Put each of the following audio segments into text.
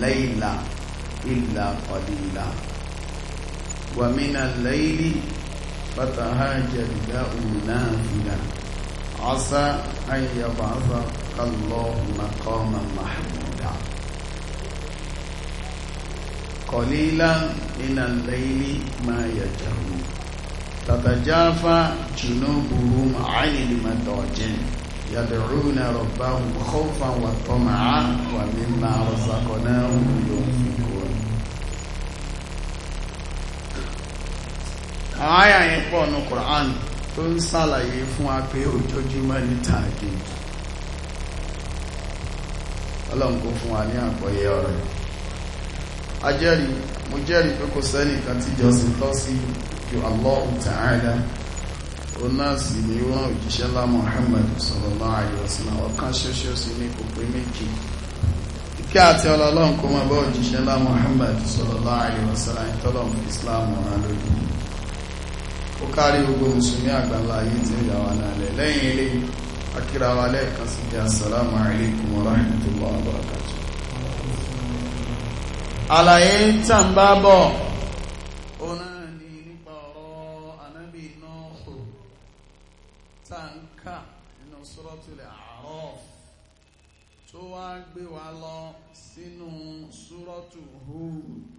ليلا إلا قليلا ومن الليل فتهاجد له نافلة عسى أن يبعثك الله مقاما محمودا قليلا من الليل ما يجهون تتجافى جنوبهم عن المضاجع yàdùrúnà rọ̀báhùn kọ́fà wà tọ́màá wà mímá rọ̀sàkọ̀náhùn yóò fi kó àáyà yẹn pọ̀ ní Qur'an tó ń fún wa ní tààgì ọlọ́run kó fún wa mo jẹ́rìí pé kò sẹ́nìkan tí jọ́sìn tọ́ sí ju ó náà sì ni ó rán òjíṣẹ́ ńlá Muhammad sallallahu alaihi wasallam ọ̀kan ṣoṣo sí ní kò pé méjì kí àti ọlọ́lọ́n kó mọ́ bọ́ òjíṣẹ́ ńlá Muhammad sallallahu alaihi wasallam ìtọ́lọ̀ Islam ọ̀rán lórí ó kárí gbogbo mùsùlùmí àgbàlá wá gbé wa lọ sínú súrọ́tù Hud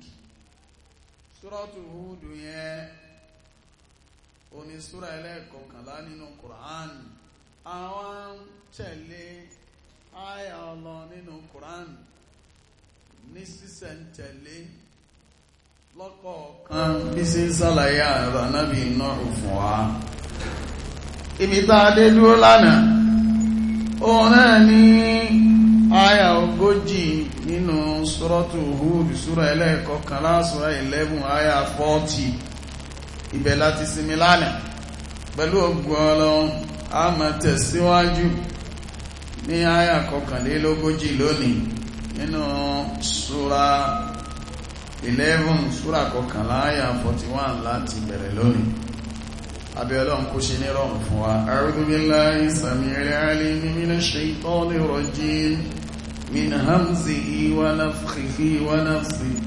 súrọ́tù Hud yẹn oní súra ẹlẹ́ẹ̀kọkànlá nínú Quran àwọn tẹ̀lé àyà ọlọ nínú Quran ní sísẹ̀ntẹ̀lé lọ́kọ̀ọ̀kan bí sí ń sàlàyé náà fún òun náà ní àyà ogójì nínú sọ́rọ́tù Hud súra ẹlẹ́ẹ̀kọkànlá súra 11 àyà 40 ibẹ̀ láti sinmi lánàá pẹ̀lú ogun ọlọ́run a máa tẹ̀síwájú ní àyà kọkànlélógójì lónìí nínú súra 11 súra kọkànlá àyà 41 láti bẹ̀rẹ̀ lónìí abẹ́ọlọ́run kó ṣe ní rọrùn fún wa a'udhu billahi samil alim minash shaitanir rajim min hamzihi wa nafthihi wa nafthihi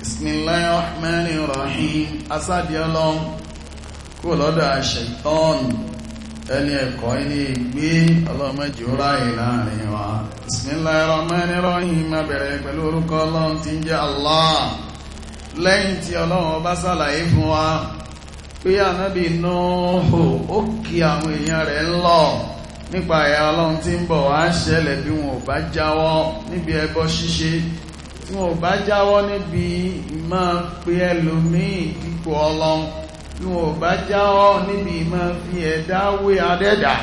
bismillahir rahmanir rahim asáàdì ọlọ́run kó lọ́dọ̀ ṣaitan ẹni ẹ̀kọ́ ẹni ìgbé ọlọ́mọjì ó ráyè láàrin wa bismillahir rahmanir rahim abẹ̀rẹ̀ pẹ̀lú orúkọ ọlọ́run tí pé ànábì nọ́ọ̀hù ó kí àwọn èèyàn rẹ̀ lọ nípa ẹ̀yà ọlọ́run tí ń bọ̀ wá ṣẹlẹ̀ bí wọn ò bá jáwọ́ níbi ẹbọ ṣíṣe tí wọn ò bá jáwọ́ níbi ìmọ̀ pé ẹlòmíì dípò ọlọ́run tí wọn ò bá jáwọ́ níbi ìmọ̀ fi ẹ̀dá wé adẹ́dà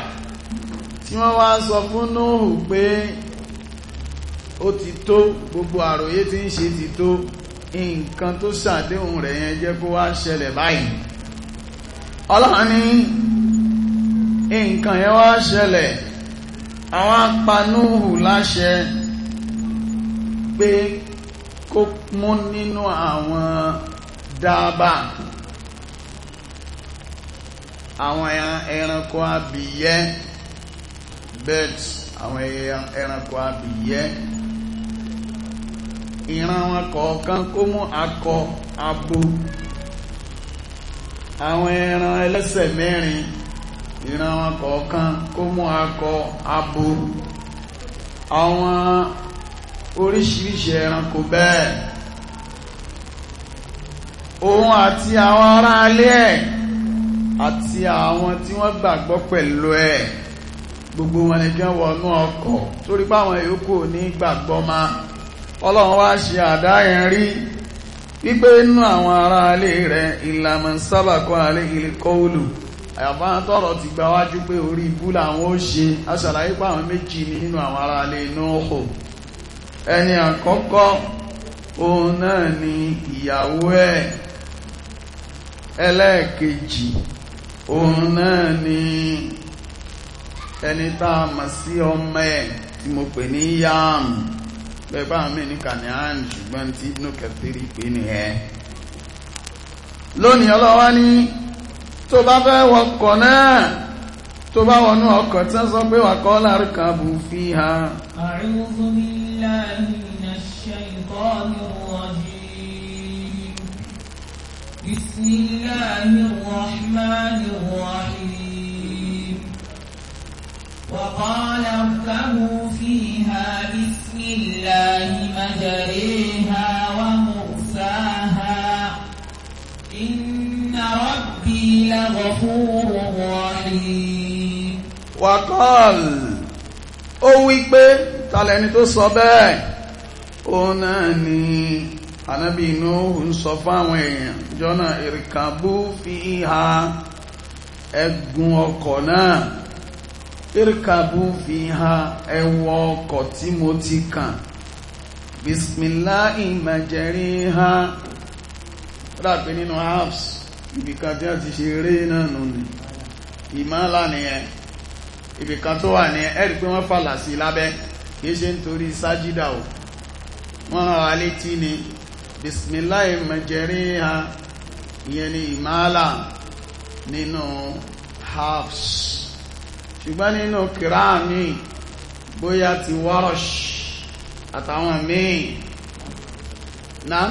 tí wọ́n wá sọ fún nóòhù pé ó ti tó gbogbo àròyé tí ń ṣe ti tó nǹkan tó ṣàdéhùn rẹ̀ yẹn jẹ́ kó wá ṣẹlẹ̀ báyìí ọlọ́run ní nǹkan yẹn wá ṣẹlẹ̀ àwọn apanúhù láṣẹ pé kó mú nínú àwọn dábà àwọn ẹranko abìyẹ́ birds àwọn ẹranko abìyẹ́ ìran wọn kọ̀ọ̀kan kó mú akọ abo àwọn ẹran ẹlẹ́sẹ̀ mẹ́rin ìran wọn kọ̀ọ̀kan kó mú akọ abo àwọn oríṣiríṣi ẹranko bẹ́ẹ̀ òun àti àwọn ará alẹ́ ẹ̀ àti àwọn tí wọ́n gbàgbọ́ pẹ̀lú ẹ̀ gbogbo wọn nìkan wọnú ọkọ̀ torí pé àwọn yòókù ní gbàgbọ́ ma ọlọ́run wá ṣe àdá yẹn rí wípé inú àwọn ará alé rẹ̀ ìlànà sábàkọ́ alé ìlẹ́kọ́ ti gba pé orí ibú làwọn ó ṣe aṣàlàyé pé àwọn méjì ní nínú àwọn ará alé Nóòhù ẹni àkọ́kọ́ òun náà ni ìyàwó ẹ̀ òun náà ni ẹni tá a sí ọmọ pẹ̀bá mi ní kàníhàn ṣùgbọ́n tí ibnu kẹtìrì pé nìyẹn lónìí ọlọ́wá ní tó bá fẹ́ wọkọ̀ náà tó bá wọnú ọkọ̀ tí wọ́n sọ pé wà kọ́ láàrín bù fi ha. a'udhu billahi وقال اركبوا فيها بسم الله مجريها ومرساها إن ربي لغفور رحيم وقال ó wí pé talẹni tó sọ bẹ́ẹ̀ òun náà ni anábì Nuhu ń sọ fáwọn èèyàn jọ́nà ìrìkàbú fi ha ẹgùn ọkọ̀ náà irkabu fi ha ẹwọ ọkọ̀ tí mo ti kàn bismillahi majari ha rápẹ́ nínú apps ibìkan tí a ti ṣe eré náà nù ní ìmọ́lá nìyẹn ibìkan tó wà ní ẹ̀rí pé wọ́n fàlà sí lábẹ́ kìí ṣe nítorí sájídà ò wọ́n rán wa létí ni bismillahi majari ha ìyẹn ni ìmọ́lá nínú apps ṣùgbọ́n nínú kìrá mi bóyá ti wọ́rọ̀ṣ àtàwọn míì náà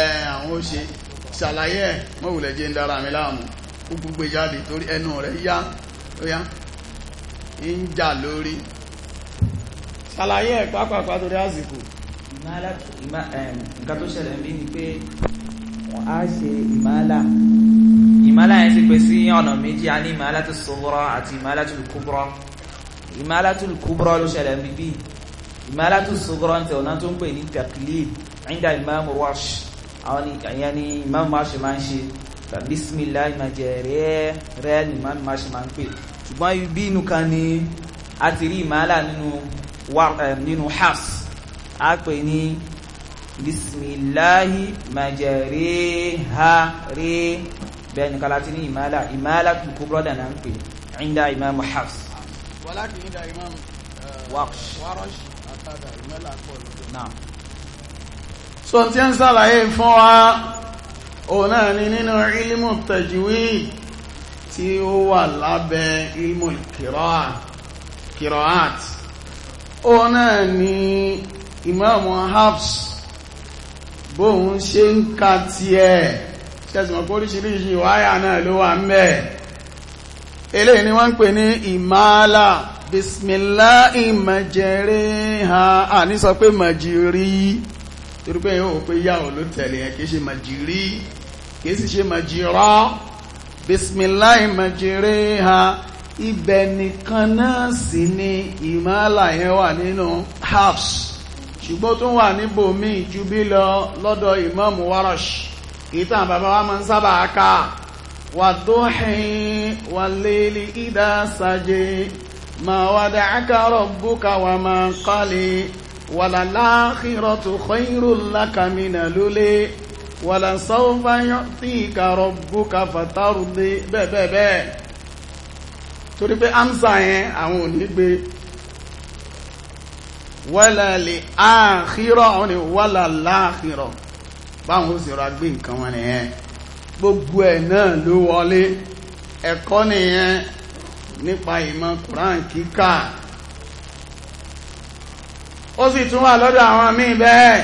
ẹ̀ àwọn òṣè ṣàlàyé ẹ̀ mọ́wùlẹ̀ jẹ́ ń dára mi láàmú kúkú gbé jáde torí ẹnu rẹ̀ yá lóyá ń jà lórí ṣàlàyé pápápá torí àsìkò nǹkan tó ṣẹlẹ̀ ń ni pé á ṣe ìmáàlà ìmáàlà yẹn ti pè sí ọ̀nà méjì a ní ìmáàlà tó sọ́wọ́rọ́ àti ìmáàlà tó kúbọ́rọ́ ìmáàlà tó kúbọ́rọ́ ló ṣẹlẹ̀ bíbí ìmáàlà tó sọ́wọ́rọ́ ń tẹ̀ ọ̀nà tó ń pè ní taklid ẹ̀ńdà ìmáàmù Warsh àwọn ìyẹn ni ìmáàmù Warsh máa ń ṣe bismillah ìmàjẹ rẹ rẹ ni ìmáàmù Warsh máa ń pè ṣùgbọ́n ibi inú kan ni a ti rí ìmáàlà eh, nínú Hafs a pè ní bisimilahi majarehare bẹ́ẹ̀ ni kala ti ní ìmáàlá ìmáàlá kúkú brọ́dà náà ń pè ìndà imam hafs wàláàkì ìndà imam eh, warash àtàdà ìmáàlá pọ̀ lọ́dọ̀ so tí ń sàlàyé fún wa òun náà ni nínú ilmu tajwid tí ó wà lábẹ́ ilmu kìrọ́àt òun náà ni imam hafs bóun ṣe ń ka tiẹ̀ ṣẹ́sìmọ̀ pé oríṣiríṣi wáyà náà ló wà ń bẹ̀ ni wọ́n ń pè ní ìmáàlà bismillah ìmọ̀jẹ̀rẹ̀ ha àní sọ pé màjìrí torí pé yóò pé yá ò ló tẹ̀lé yẹn kìí ṣe màjìrí kìí sì ṣe màjìrọ́ bismillah ìmọ̀jẹ̀rẹ̀ ha ibẹ̀ nìkan náà sì ni ìmáàlà yẹn wà nínú house ṣùgbọ́n tó wà níbò míì ju bí lọ lọ́dọ̀ ìmáàmù Warash ìtàn bàbá wa máa ń sábà ká wà dóhìn wà léèlì ìdá sàjẹ́ ma wà dàákà rabbuka wà máa ń kọ́lé wà lálàáhìrọ̀tù khairul laka mina lólé wà lásọ́fà yu'tika rabbuka fàtàrùdé bẹ́ẹ̀ bẹ́ẹ̀ bẹ́ẹ̀ torí pé amsa yẹn àwọn ò ní gbé wala li akhira àwọn ni wala láàkírọ̀ báwọn ó sì rọ agbé nǹkan wọn nìyẹn gbogbo ẹ̀ náà ló wọlé ẹ̀kọ́ nìyẹn nípa ìmọ̀ Quran kíkà ó sì tún wà lọ́dọ̀ àwọn míì bẹ́ẹ̀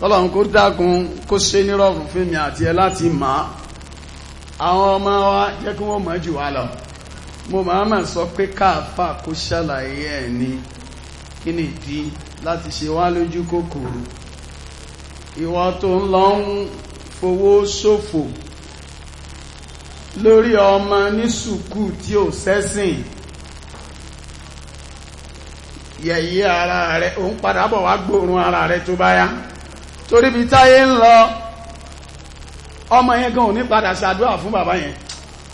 tọ́lọ̀n kó dákun kó ṣe nírọ̀rùn fún mi àti ẹ láti mọ̀ àwọn ọmọ wa jẹ́ kí wọ́n mọ̀ jù wá lọ mo máa mọ̀ sọ pé káàfà kó ṣàlàyé ẹ̀ ni kí ni ìdí láti ṣe wá lójú kòkòrò ìwọ tó ń lọ ń fowó ṣòfò lórí ọmọ ní sùkú tí ò sẹ́sìn yẹ̀yẹ́ ara rẹ̀ òun padà bọ̀ wá gbóòrùn ara rẹ̀ tó bá yá torí bí táyé ń lọ ọmọ yẹn gan ò ní padà ṣàdúrà fún bàbá yẹn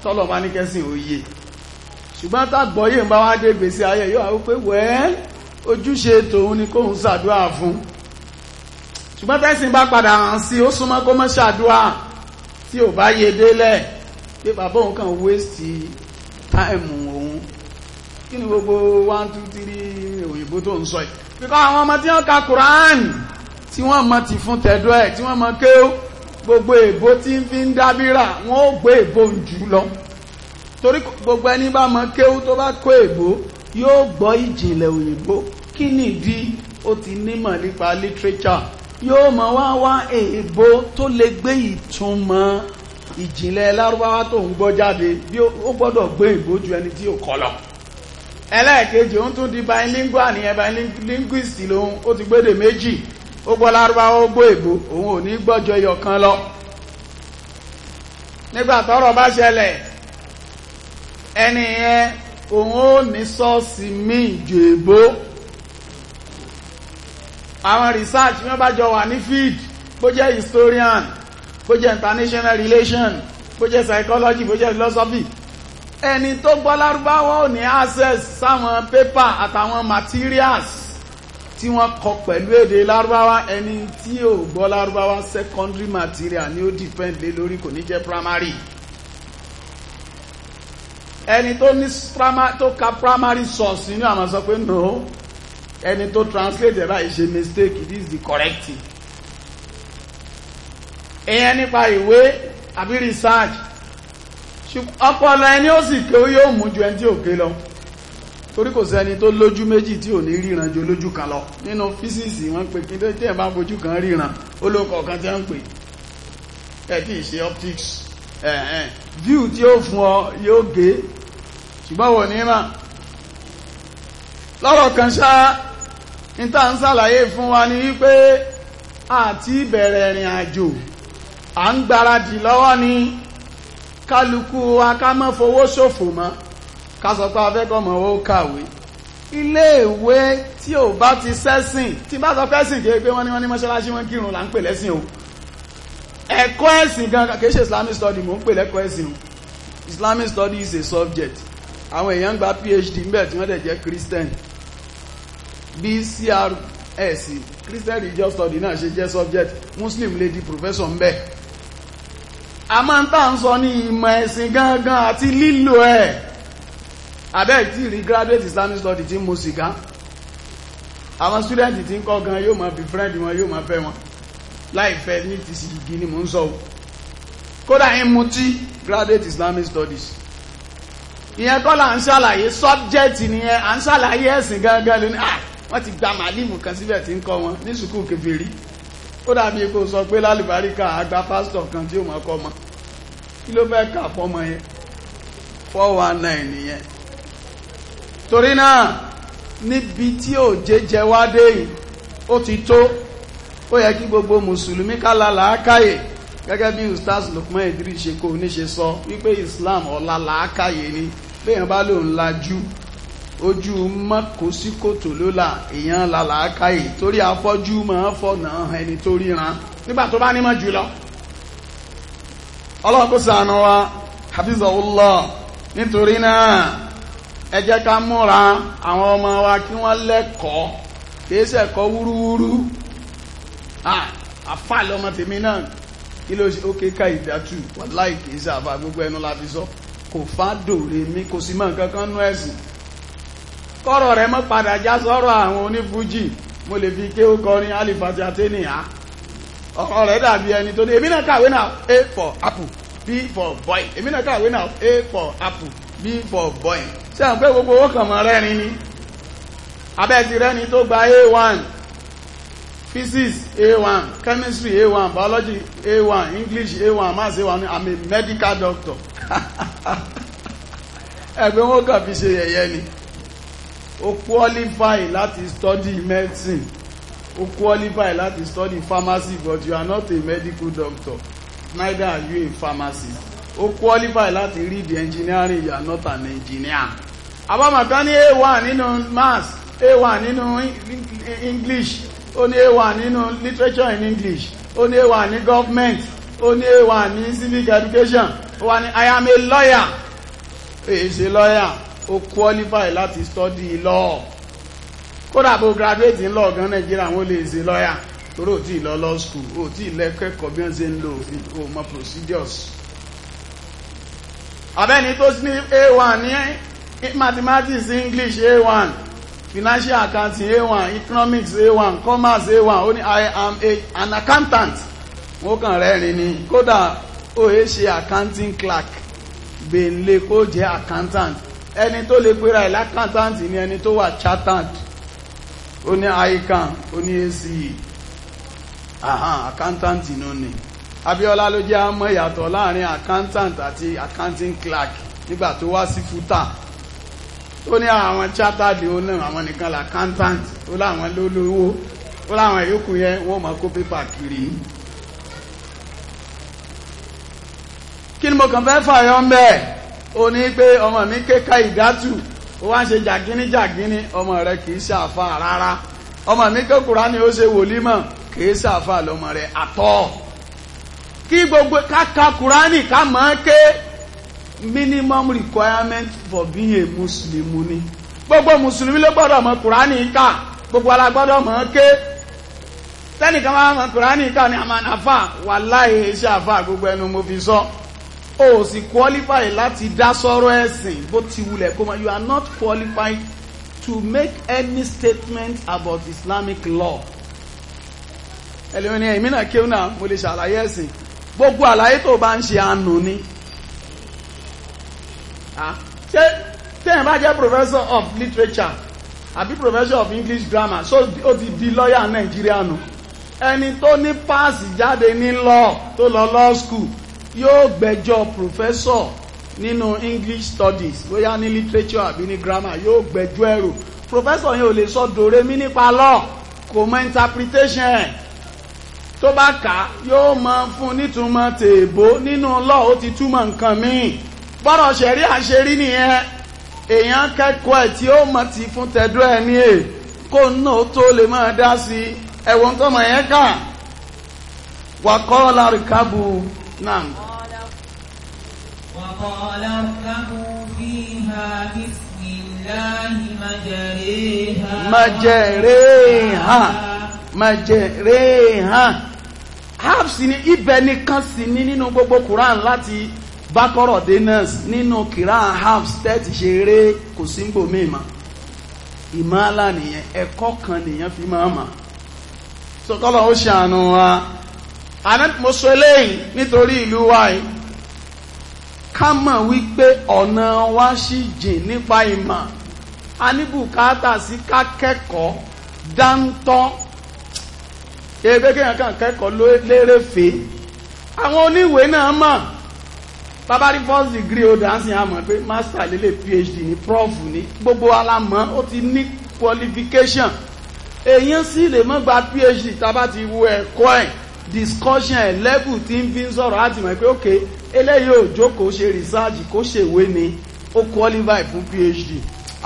tọ́lọ̀ bá ní kẹ́sìn òye ṣùgbọ́n tàgbọ́yé ń bá wá dé gbèsè ayé yóò àwọn pé wẹ́ẹ́ ojúṣe tòun ni kóhun ṣàdúrà fún ṣùgbọ́n tẹ́sìn bá padà hàn sí ó súnmọ́ kó mọ́ ṣàdúrà tí ò bá yé délẹ̀ pé bàbá òun kàn wéèsì táìmù òun kí ni gbogbo one two three òyìnbó tó ń sọ yìí bíkọ́ àwọn ọmọ tí wọ́n ka Quran tí wọ́n mọ ti fún tẹ̀dọ́ ẹ̀ tí wọ́n mọ kéwò gbogbo èbó tí ń fi ń dábírà wọ́n ó gbé èbó jù lọ torí gbogbo ẹni bá mọ kéwò tó bá kó èbó yóò gbọ́ ìjìnlẹ̀ òyìnbó kí nìdí ó ti nímọ̀ nípa literature yóò mọ̀ wá wá èèbó tó lè gbé ìtumọ̀ ìjìnlẹ̀ lárúbáwá tó ń gbọ́ jáde bí ó gbọ́dọ̀ gbé ìbò ju ẹni tí ó kọ́ lọ ẹlẹ́ẹ̀kejì ó tún di bilingual nìyẹn bilinguist lòun ó ti gbédè méjì ó gbọ́ lárúbáwá ó gbọ́ èèbó òun ò ní gbọ́jọ ẹyọ kan lọ nígbà tọ́rọ̀ bá ṣẹlẹ̀ ẹni yẹn òun ó ní sọ́ọ̀sì míì jèbó àwọn research wọ́n bá jọ wà ní field bó jẹ́ historian bó jẹ́ international relation bó jẹ́ psychology bó jẹ́ philosophy ẹni tó gbọ́ lárúbáwọ́ ò ní access sáwọn paper àtàwọn materials tí wọ́n kọ pẹ̀lú èdè lárúbáwá ẹni tí ò gbọ́ lárúbáwá secondary material ni ó depend lé lórí kò ní jẹ́ primary. ẹni tó ní tó ka primary source nínú àmọ́ sọ pé no ẹni tó translate ẹ̀ báyìí mistake this is the correct thing nípa ìwé àbí research ọpọlọ ẹni ó sì yóò mú ju ẹni tí ò ké lọ torí kò sẹ́ni tó lójú méjì tí ò ní ríran ju kan lọ nínú físíìsì wọ́n pè kí tí ẹ̀ bá ń kan ríran ó ló kọ̀ tí wọ́n pè view tí ó fún ọ yóò gé ṣùgbọ́n ní mà lọ́rọ̀ kan ṣá ní ń ṣàlàyé fún wa ni wípé àti bẹ̀rẹ̀ ìrìn àjò à ń gbáradì lọ́wọ́ ni kálukú wa ká má fowó ṣòfò mọ́ ká sọ pé afẹ́kọ̀ọ́mọ̀ ó kàwé iléèwé tí ò bá ti sẹ́sìn tí bá sọ pẹ́sìn kí pé wọ́n ní wọ́n ní mọ́ṣáláṣí wọn kírun là ń pè lẹ́sìn o ẹ̀kọ́ ẹ̀sìn gan kìí islamic study mò ń pè lẹ́kọ́ ẹ̀sìn islamic study is a subject àwọn èèyàn gba phd ńbẹ̀ tí wọ́n dẹ̀ jẹ́ christian bí crs christian religious study náà ṣe jẹ́ subject muslim lady professor ńbẹ̀ a máa ń tà ń sọ ní ìmọ̀ ẹ̀sìn gangan àti lílo ẹ̀ abẹ́ tí rí graduate islamic study tí mo sì ká àwọn student tí ń kọ́ gan yóò máa bí friend wọn yóò máa fẹ́ wọn láìfẹ́ ní ti sì igi ni mò ń sọ kódà ń mutí graduate islamic studies ìyẹn kọ́ la ń ṣàlàyé sọ́bjẹ́tì nìyẹn à ń ṣàlàyé ẹ̀sìn gangan lónìí à ah, wọ́n ti gba màálìmù kan síbẹ̀ tí ń kọ́ wọn ní sùkúù kèfèrí ó dàbí epo sọ pé lálùbáríkà àgbà pásítọ̀ kan tí ó mọ̀ kọ́ mọ kí ló fẹ́ kà fọ́mọ yẹn four one nine nìyẹn torí náà níbi tí òjèjẹ wá dé yìí ó ti tó ó yẹ kí gbogbo mùsùlùmí ká làákàyè gẹ́gẹ́ bí ustaz Lukman Idris ṣe kó oníṣe sọ wípé Islam ọ̀la làákàyè ni béèyàn bá lòun lajú ojú mọ́kòsíkòtò ló là èèyàn la làákàyè torí afọ́jú máa ń fọ̀nà ẹni tó ríran nígbà tó bá nímọ̀ jù lọ ọlọ́run kó ṣàánú wa hafizahullah nítorí náà ẹ jẹ́ ká múra àwọn ọmọ wa kí wọ́n lẹ́kọ̀ọ́ kìí ṣẹ̀kọ́ wúrúwúrú àfà tèmi náà kí ló ṣe ó ké ká ìdátù wàláì kìí sábà gbogbo ẹnu láti sọ kò fádò rèmi kò sí mọ́ nǹkan kan nú ẹ̀sìn kọ́rọ̀ rẹ̀ mọ́ padà já sọ́rọ̀ àwọn onífújì mo lè fi ké ó kọrin alifati atẹ́nìyà ọ̀rọ̀ rẹ̀ dàbí ẹni tó ní èmi náà kàwé náà a for apple b for boy èmi náà kàwé náà a for apple b for boy ṣé àwọn pé gbogbo owó kàn mọ́ ni abẹ́ ti tó gba a one physics a1 chemistry a1 biology a1 english a1 maths a1 i'm a medical doctor ẹgbẹ́ wọn kàn fi ṣe yẹ̀yẹ́ ni ó qualify láti study medicine ó qualify láti study pharmacy but you are not a medical doctor neither are you a pharmacist ó qualify láti read engineering you are not an engineer abamata ní a1 nínú maths a1 nínú english ó ní a nínú literature in English ó ní a ní government ó ní a1 ní civic education ó wá ní I am a lawyer He is a lawyer ó qualify láti study law kódà bó graduate in law gan Nàìjíríà wọ́n lè ṣe lawyer torí ò tí ì lọ law school ò tí ì lẹ́kẹ̀ẹ́kọ̀ọ́ bí wọ́n ṣe ń lo òfin procedures abẹ́ni tó ní a one ní mathematics English a one financial accounting a1 economics a1 commerce a1 ó ní i am a, an accountant wọ́n kàn rẹ́rìn ni kódà ó yẹ ṣe accounting clerk gbèlè kó jẹ́ accountant ẹni tó lè pera ẹ̀ l'accountant ni ẹni tó wà chartered ó ní ican ó ní ace ahan accountant ló ní Abíọ́lá ló jẹ́ àmọ́ ìyàtọ̀ láàrin accountant àti accounting clerk nígbà tó wá sí fúta ó ní àwọn chartered owner àwọn nìkan là accountant ó láwọn lólówó ó láwọn ìyókù yẹn wọ́n máa kó pépà kiri. kí ni mo kàn fẹ́ fàyọ ń bẹ́ẹ̀ ó ní pé ọmọ mi kéka ìdátù ó wá ń ṣe jàgínní jàgínní ọmọ rẹ kì í ṣàfà rárá ọmọ mi ni ó ṣe gbogbo ká ka ká minimum requirement for being a muslim ni gbogbo mùsùlùmí ló gbọ́dọ̀ mọ kùránì kà gbogbo ala gbọ́dọ̀ mọ ké tẹ́nìkan máa mọ kùránì kà ní àmànàfà wà láì iṣẹ́ àfà gbogbo ẹnu mo fi sọ o sì qualify láti dá sọ̀rọ̀ ẹ̀sìn bó ti wulẹ̀ kó mọ you are not qualified to make any statement about Islamic law ẹlẹ́wọ̀n ni ẹ̀mí náà kéwọ́n náà mo lè ṣàlàyé ẹ̀sìn gbogbo àlàyé tó bá ń ṣe àánú ni Ah. ṣé téèyàn bá jẹ́ professor of literature àbí professor of English grammar so ó ti di lọ́ọ̀yà Nàìjíríà nù ẹni tó ní páàsì jáde ní lọ tó lọ law school yóò gbẹ́jọ́ professor nínú English studies bóyá ní literature àbí ní grammar yóò gbẹ́jọ́ ẹ̀rù professor yẹn ò lè sọ dòrèmí nípa law kò mọ interpretation ẹ̀ tó bá kà yóò mọ fún nítumọ̀ tèèbó nínú law ó ti túmọ̀ nǹkan míì bọ́rọ̀ ṣẹ̀rí àṣẹrí nìyẹn èèyàn kẹ́kọ̀ọ́ ẹ̀ tí ó mọ̀ ti fún tẹ́dú ẹ̀ ní è kó náà tó lè máa dá sí ẹ̀wọ̀n tọ́mọ yẹn kà wàkọ́ lárìkábù náà. وقال اركبوا فيها بسم الله مجريها مجريها مجريها Hafs ni nínú gbogbo Quran láti bákọ́rọ̀ denas nínú kìrá halves tẹ́tì ṣe eré kò sí gbò mí ma ìmáàlá nìyẹn ẹ̀kọ́ kan nìyẹn fi máa mà sọkọ́lọ̀ ó ṣàánú wa mo sọ eléyìí nítorí ìlú wa yìí ká mọ̀ wípé ọ̀nà wa ṣì jìn nípa ìmọ̀ a ní bùkátà sí ká kẹ́kọ̀ọ́ dáńtọ́ kẹ́kọ̀ọ́ àwọn oníwèé náà mọ̀ tabari first degree ó dáhùn sí àmọ́ pé master lélẹ̀ phd ní prof ní gbogbo alamọ́ ó ti ní qualification èèyàn sì lè mọ́ gba phd tábà ti wo ẹ̀kọ́ ẹ̀ discussion ẹ̀ level tí ń fi ń sọ̀rọ̀ láti mọ̀ pé ok eléyìí ò jókòó ṣe research kó ṣèwé ni ó qualify fún phd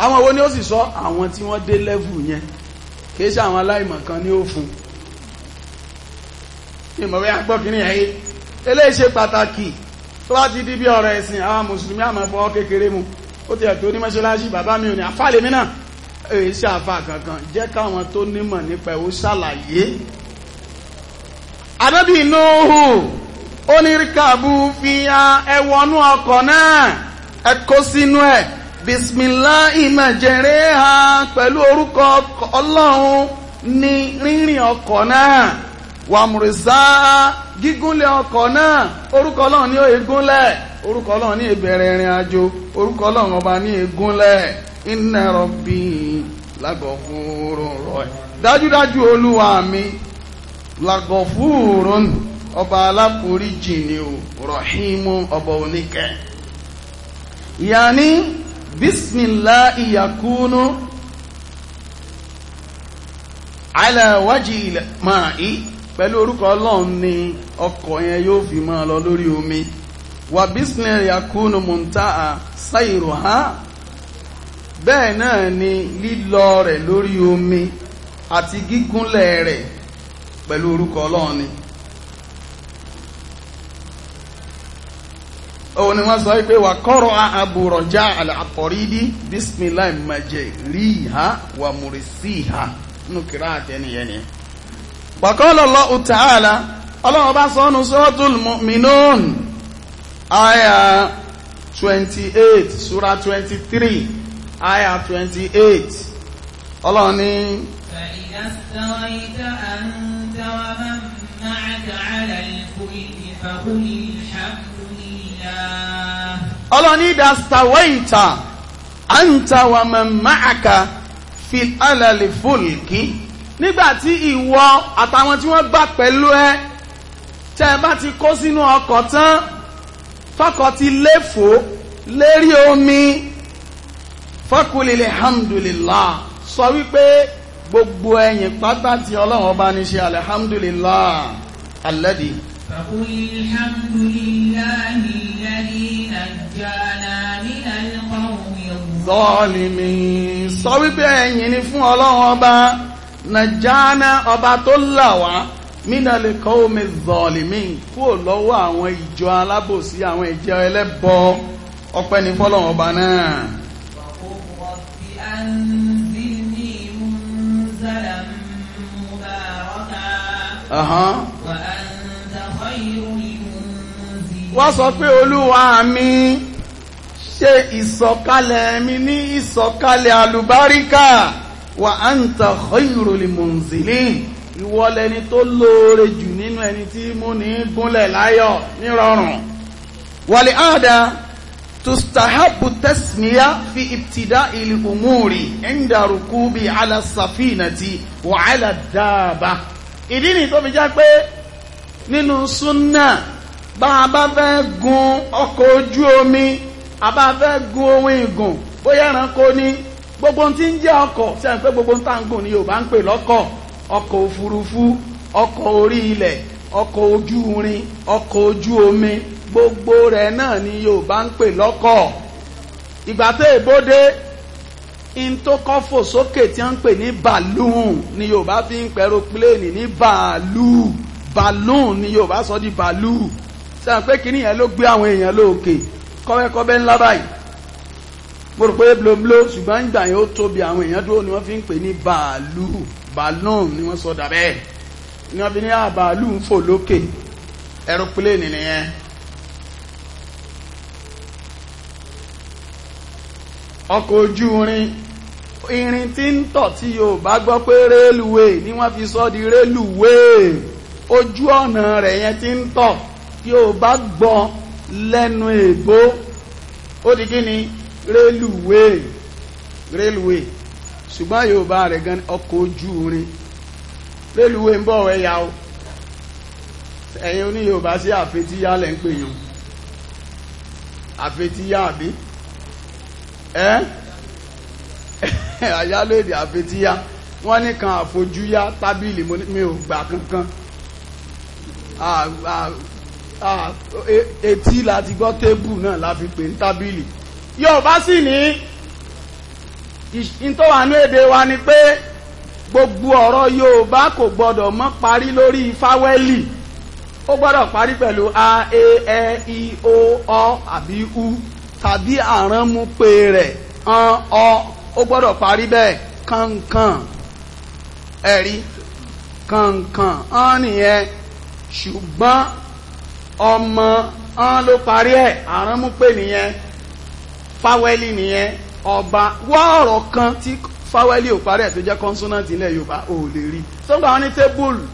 àwọn wo ni ó sì sọ àwọn tí wọ́n dé level yẹn kìí ṣe àwọn aláìmọ̀ kan ní ó fún ni agbọ́kìnrin ẹ̀yẹ eléyìí ṣe pàtàkì tó bá ti di bí ọ̀rọ̀ ẹ̀sìn àwọn mùsùlùmí àmọ́ kékeré mu ó ti ẹ̀tọ́ ní mọ́ṣáláṣí bàbá mi ò ní àfàlè èyí sí àfà kankan jẹ́ káwọn tó nímọ̀ nípa fi ha pẹ̀lú orúkọ ọlọ́run ní ọkọ̀ náà. wàmùrìsá gígúnlẹ̀ ọkọ̀ náà orúkọ ọlọ́run ní ègúnlẹ̀ orúkọ ọlọ́run ní ìbẹ̀rẹ̀ ìrìn àjò orúkọ ọlọ́run ọba ní ègúnlẹ̀ iná rọ̀bì lágọ̀fúrún dájúdájú olúwa mi lágọ̀fúrún ọba aláforíjì ni ọba oníkẹ́. iyakunu ala pẹ̀lú orúkọ ọlọ́run ni ọkọ̀ yẹn yóò fi máa lọ lórí omi wà bísínẹ̀rì àkúnnù mùtáà sáìrò ha bẹ́ẹ̀ náà ni lílọ rẹ̀ lórí omi àti gígúnlẹ̀ rẹ̀ pẹ̀lú orúkọ ọlọ́run ni òun ni wọ́n sọ wípé wà kọ́rọ̀ àbùrọ̀já àtọ̀rídí bísmìláì màjẹ̀ rí ha wà mùrìsí ha nùkìrá àtẹniyẹniyẹn wa qala Allahu ta'ala ọlọ́run bá sọ́nu suratul mu'minun aya 28 sura 23 aya 28 ọlọ́run ní. فإذا استويت أنت ومن معك على الفلك فقل الحمد لله ọlọ́run ní إذا استويت أنت ومن معك في على الفلك nígbàtí ìwọ àtàwọn tí wọ́n gbà pẹ̀lú ẹ tẹ́ ẹ bá ti kó sínú ọkọ̀ tán tọkọ̀ ti léfò lérí omi fọkùlìlẹ̀ hamdulillah sọ wípé gbogbo ẹ̀yìn pátá tí ọlọ́run ọba ní ṣe alhamdulillah alẹ́dì. fọkùlìlẹ̀ hamdulillah alladhi najjana minal qawmi adh-dhalimin sọ wípé ẹ̀yìn ni fún ọlọ́run ọba nàjánà ọba tó là wá mínàlè kọ́ omi zọ̀ọ̀lìmí kúrò lọ́wọ́ àwọn ìjọ alábòsí àwọn ìjọ ẹlẹ́bọ ọpẹ́ ní fọ́lọ́wọ́n ọba náà. wọ́n sọ pé olúwa mi ṣe ìsọ̀kalẹ̀ mi ní ìsọ̀kalẹ̀ àlùbáríkà wà á ń ta khayrul munzilin ìwọ lẹni tó lóore jù nínú ẹni tí mú ní gúnlẹ̀ láyọ̀ nírọ̀rùn wàlẹ̀ àdá tustahabu tasmiya fi ibtida'il umuri inda rukubi ala safinati wa ala daba ìdí ni tó fi jẹ́ pé nínú súnnà bá a bá fẹ́ gun ọkọ̀ ojú omi a bá fẹ́ gun ohun ìgùn bóyá ẹranko ni gbogbo ohun tí ń jẹ́ ọkọ̀ sẹ́yìn pé gbogbo ohun tá gùn ni Yorùbá ń pè lọ́kọ̀ ọkọ̀ òfurufú ọkọ̀ orí ilẹ̀ ọkọ̀ ojú irin ọkọ̀ ojú omi gbogbo rẹ̀ náà ni Yorùbá ń pè lọ́kọ̀ ìgbà tó èbóde in tó kọ́ fò sókè tí wọ́n ń pè ní balloon ni Yorùbá fi ń pẹ̀rọ pílẹ̀nì ní bàálù balloon ni Yorùbá sọ di bàálù sẹ́yìn pé kíní yẹn ló gbé àwọn èèyàn lóòkè kọ́wẹ́kọ́wẹ́ ńlá báyìí mo rò pé blombló ṣùgbọ́n ìgbà yẹn ó tóbi àwọn èèyàn dúró ni wọ́n fi ń pè ní bàálù balloon ni wọ́n sọ dàbẹ́ ni wọ́n fi ní àbàálù ń fò lókè aeroplane nìyẹn. ọkọ̀ ojú irin irin tí ń tọ̀ tí yóò bá gbọ́ pé rélùwé ni wọ́n fi sọ di rélùwé ojú ọ̀nà rẹ̀ yẹn tí ń tọ̀ yóò bá gbọ́ lẹ́nu èbó ó di kí ni Railway, railway. ṣùgbọ́n yorùbá rẹ̀ gan ọkọ̀ ojú irin rélùwéè ń bọ̀ ẹ̀yà o ẹ̀yin oní yorùbá sí àfetíyá lẹ̀ ń pè yàn àfetíyá àbí ẹ́ àyálòdì àfetíyá wọ́n ní kan àfojúyá tábìlì mi ò gbà kankan e, etí láti gbọ́ tébù náà la fi pè ní tábìlì Yorùbá sì ní ìtọ́wànú èdè wa ni pé gbogbo ọ̀rọ̀ Yorùbá kò gbọ́dọ̀ mọ́ parí lórí fáwẹ́lì ó gbọ́dọ̀ parí pẹ̀lú a e e i o ọ àbí u tàbí àránmúpe rẹ̀ an ọ ó gbọ́dọ̀ parí bẹ́ẹ̀ kankan ẹ̀rí kankan an nìyẹn ṣùgbọ́n ọmọ an ló parí ẹ̀ àránmúpe nìyẹn fáwẹ́lì nìyẹn ọba wá ọ̀rọ̀ kan tí fáwẹ́lì ò parẹ́ tó jẹ́ consonant ilẹ̀ yorùbá ò lè rí sọ́gbà wọn ní tébùlù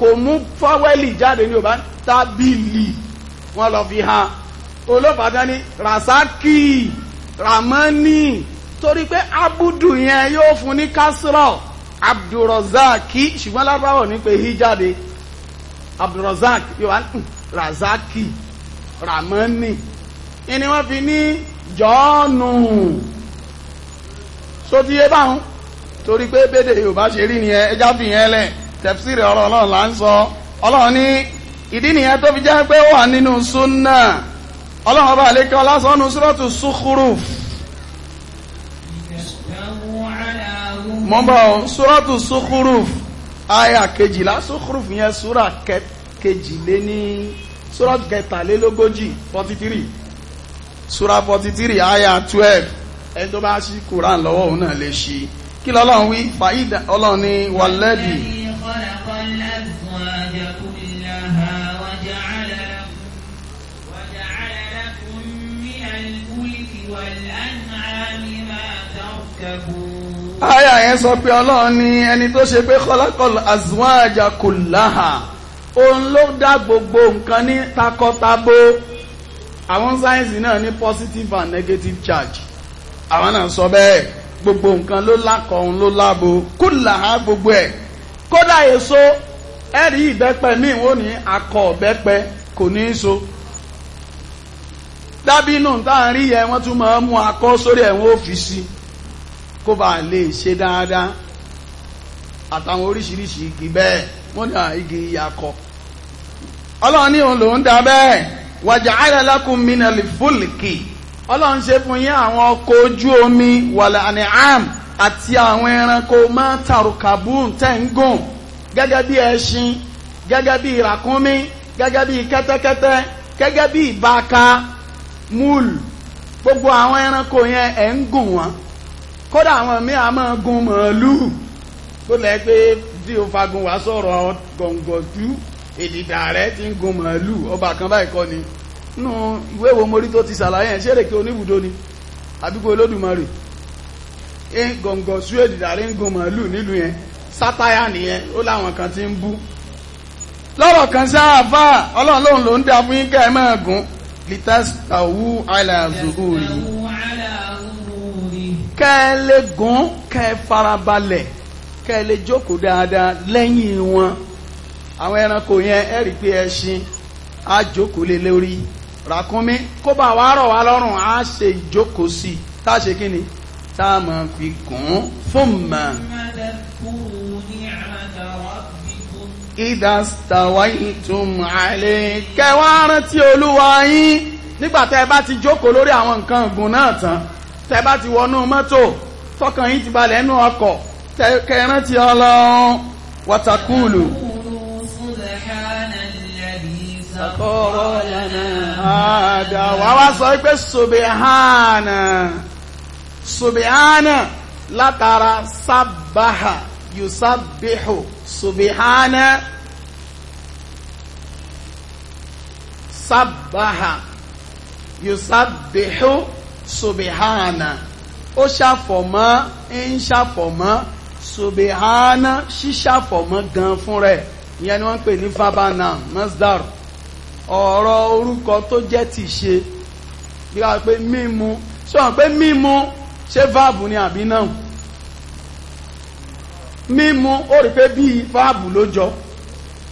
kò mú fáwẹ́lì jáde ní yorùbá tábìlì wọn lọ fi ha olófàdá ní rasaki ramani torí pé abudu yẹn yóò fún ní kásírọ̀ abdulrozaki ṣùgbọ́n lábáwọ̀ ní pé hí jáde yorùbá hmm, razaki ramani ìní wọn fi ní jọ́ọ̀nù so ti yé báwọn torí pé bédè yorùbá ṣe rí nìyẹn ẹjá fi yẹn lẹ̀ tẹ̀fsíìrì ọ̀rọ̀ ọlọ́run là ń sọ ọlọ́run ní ìdí nìyẹn tó fi jẹ́ pé ó wà nínú súnà ọlọ́run ọba àlékọ́ lásán nù súrọ́tù sukhruf mọ́bọ̀ súrọ́tù sukhruf àyà kejìlá sukhruf yẹn súrà kejìléní súrọ́tù kẹtàlélógójì forty three sura forty three aya twelve ẹni tó bá ṣí Quran lọ́wọ́ òun náà lè ṣí kí lọ́lọ́run wí fàyídà ọlọ́run ni wàlẹ́dì. Aya yẹn sọ pé ọlọ́run ni ẹni tó ṣe pé kọ́lákọ́lá azwaja kullaha òun ló dá gbogbo nǹkan ní takọtabo àwọn sáyẹ́nsì náà ní positive and negative charge àwọn náà sọ bẹ́ẹ̀ gbogbo nǹkan ló lákọ̀ ló labo kúlà á gbogbo ẹ̀ kódà èso ẹ̀rí ìbẹ́pẹ míì wò ní akọ ọ̀bẹ́pẹ kò ní so dábínú tá à wọ́n tún máa mú akọ sórí ẹ̀ wọ́n fi kó bàa lè ṣe dáadáa akọ òun lòún wàjàáyà lákùn mínàlì fúlìkì ọlọ́run ṣe fún yín àwọn ọkọ̀ ojú omi wàlẹ̀ àní àm àti àwọn ẹranko máa tàrùkàbùn tẹ́ǹgùn gẹ́gẹ́ bí ẹṣin gẹ́gẹ́ bí ìràkúnmí gẹ́gẹ́ bí kẹ́tẹ́kẹ́tẹ́ gẹ́gẹ́ bí ìbáka múl gbogbo àwọn ẹranko yẹn ẹ̀ ń gùn wọn kódà àwọn míì a máa gun màálù tó lẹ́ pé bí o fagun wá sọ̀rọ̀ gọ̀ǹgọ̀dú èdìdà rẹ̀ ti ń gun màálù ọba kan báyìí kọ́ ni nínú ìwé ìwò morí tó ti ṣàlàyé ẹ̀ ṣẹ́rẹ̀ kí oníbùdó ni àdúgbò olódùmarè ń gọ̀ǹgọ̀ sú èdìdà rẹ̀ ń gun màálù nílùú yẹn sátáyà nìyẹn ó láwọn kan ti ń bú lọ́rọ̀ kan sáàbà ọlọ́run lòun ló ń dá fún yín ká ẹ máa gùn litasawu alazuhuri kẹ́ lè gùn kẹ́ farabalẹ̀ kẹ́ lè jókòó dáadáa lẹ́yìn wọn àwọn ẹranko yẹn ẹ rí i pé ẹṣin á jókòó lé lórí ràkúnmí kó bá wa rọ̀ wá lọ́rùn á ṣe ìjókòó sí i tá a ṣe kí ni tá a máa fi kùn ún fún mà. ìdásítàwáìtùm àlè kẹwàá rántí olúwa yín nígbà tẹ́ ẹ bá ti jókòó lórí àwọn nǹkan ọ̀gùn náà tán tẹ́ ẹ bá ti wọnú mọ́tò tọkàn yín ti balẹ̀ nú ọkọ̀ tẹ́ kẹ rántí ọlọ́run wọ́tàkùlù sàkọ́rọ̀ lẹ́nà. àdà wà wá sọ pé subihana subihana látara sábàhà yusabihu subihana sábàhà yusabihu subihana ó ṣàfọ̀mọ́ ń ṣàfọ̀mọ́ subihana ṣíṣàfọ̀mọ́ gan fún rẹ̀ ìyẹn ni wọ́n pè ní fábánà masdar ọ̀rọ̀ orúkọ tó jẹ́ ti ṣe bí pe pé mímu sọ̀rọ̀ pé mímu ṣe fáàbù ni àbí náà mímu ó rí pé bíi fáàbù ló jọ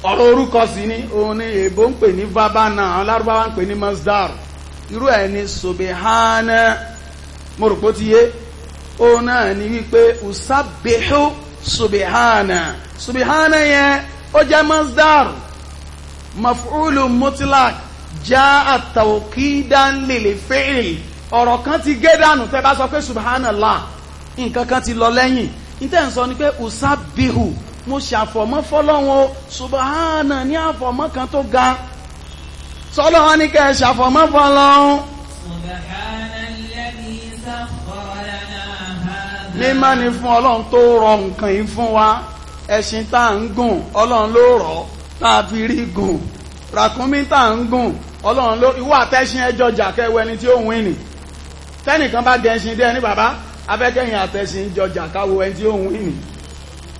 ọ̀rọ̀ orúkọ sí ni òun ni èbó ń pè ní vabana àwọn lárúbáwá ń pè ní masdar irú ẹ̀ ni mo rò pé ó ti náà ni wípé maf'ulun mutlaq jaa tawqidan lil fi'l ọ̀rọ̀ kan ti gé dànù tẹ́ bá sọ pé subhanallah nǹkan kan ti lọ lẹ́yìn níta ń sọ ni pé usabihu mo ṣàfọ̀mọ́ fọ́lọ́hun subahana ní àfọ̀mọ́ kan tó ga sọ́lọ́ wọn ni kẹ́ ṣàfọ̀mọ́ fọ́lọ́hun mímọ́ ni fún ọlọ́run tó rọ nǹkan yìí fún wa ẹṣin tá à ń gùn ọlọ́run ló rọ̀ ọ́ tá a fi rí gùn ràkúnmí tá ń gùn ọlọ́run ló ìwọ àtẹ́ṣin ẹjọ́ jà kẹwẹ́ ni tí ó win ni tẹ́nìkan bá gẹṣin dé ẹni bàbá afẹ́kẹ́yìn àtẹ́ṣin jọjà káwo ẹni tí ó win ni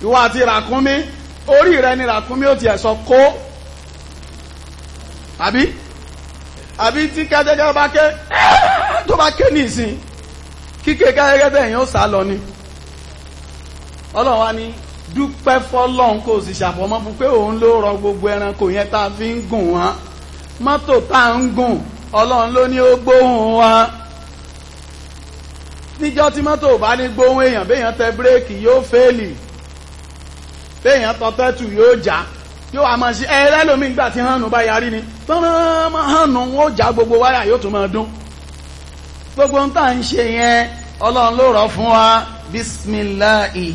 ìwọ àti ràkúnmí orí rẹ ni ràkúnmí ó ti ẹ̀ sọ kó àbí àbí tí kẹ́tẹ́kẹ́ bá ké tó bá ké nìsín kíkẹ́ kẹ́tẹ́kẹ́ tẹ̀yìn ó sá lọ ni ọlọ́run wá ní dúpẹ́ fọ́lọ́run kò sì ṣàfọ̀mọ́ fún pé òun ló rọ gbogbo ẹranko yẹn tá a fi ń gùn wọn mọ́tò tá a ń gùn ọlọ́run ló ní ó gbóhùn wọn níjọ́ tí mọ́tò bá ní gbóhùn èèyàn béèyàn tẹ bírèkì yóò fẹ́ẹ̀lì béèyàn tọ́tẹ́tù yóò já yóò wá máa ṣe ẹ̀rẹ́ lómi ìgbà tí hànú bá yarí ni tọ́nà máa hànú wọn ó já gbogbo wáyà yóò tún máa dún gbogbo ń tà ń ṣe yẹn ọlọ́run ló rọ̀ fún wa bísmìláì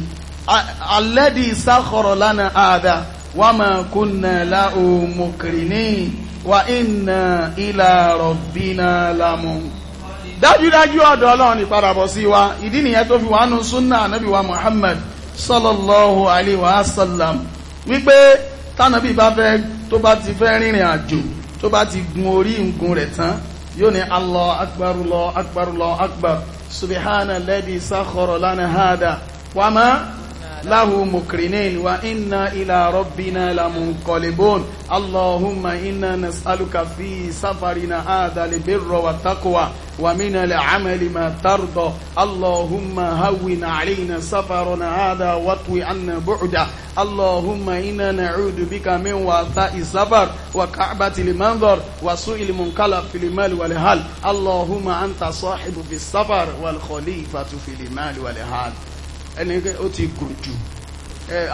alẹ́dì sákọ̀rọ̀ lánàá àdá wà máa kúnnà láò mọ̀kìrìní wà ìnà ìlà rọ̀bìnà lámú. dájúdájú ọ̀dọ̀ ọlọ́run ìpadàbọ̀ sí wa ìdí nìyẹn tó fi wàánu súnà ànábì wa muhammad sallallahu alayhi wa sallam wípé tánàbí bá fẹ́ tó bá ti fẹ́ rìnrìn àjò tó bá ti gun orí ngun rẹ̀ tán yóò ní allah akbar allah akbar allah akbar subhana lánàá àdá wà máa له مكرنين وإنا إلى ربنا لمنقلبون اللهم إنا نسألك في سفرنا هذا البر والتقوى ومن العمل ما ترضى اللهم هون علينا سفرنا هذا واطوي عنا بعده اللهم إنا نعوذ بك من وثاء السفر وكعبة المنظر وسوء المنقلب في المال والهال اللهم أنت صاحب في السفر والخليفة في المال والهال ẹni ó ti kò jù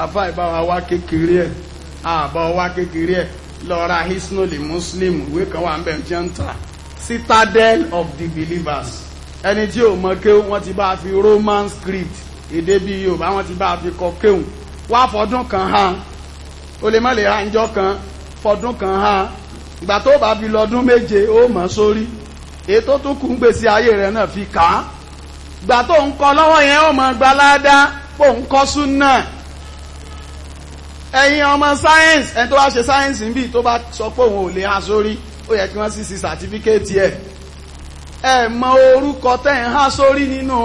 àfá ìbáwa wá kékeré ẹ̀ àbá wá kékeré ẹ̀ lọ́ra hisnoli muslim ìwé kan wà ń bẹ̀ citadel of the believers ẹni tí ò mọ kéwù wọ́n ti bá fi roman script èdè bí yorùbá wọ́n ti bá fi kọ kéwù wá fọdún kan ha o lè má lè ra njọ́ kan fọdún kan ha ìgbà tó bá fi lọ́dún méje ó mọ̀ sórí èyí tó tún kù ń gbèsè ayé rẹ̀ náà fi kà gbà tó ń kọ lọ́wọ́ yẹn ó máa gba ládàá kó ń kọ́ súnà ẹ̀yin ọmọ sáyẹ́ǹsì ẹni tó bá ṣe sáyẹ́ǹsì níbí tó bá sọ pé òun ò lè há sórí ó yẹ kí wọ́n sì sí sàtífíkẹ́ẹ̀tì ẹ̀ ẹ mọ orúkọ tẹ́ ń há sórí nínú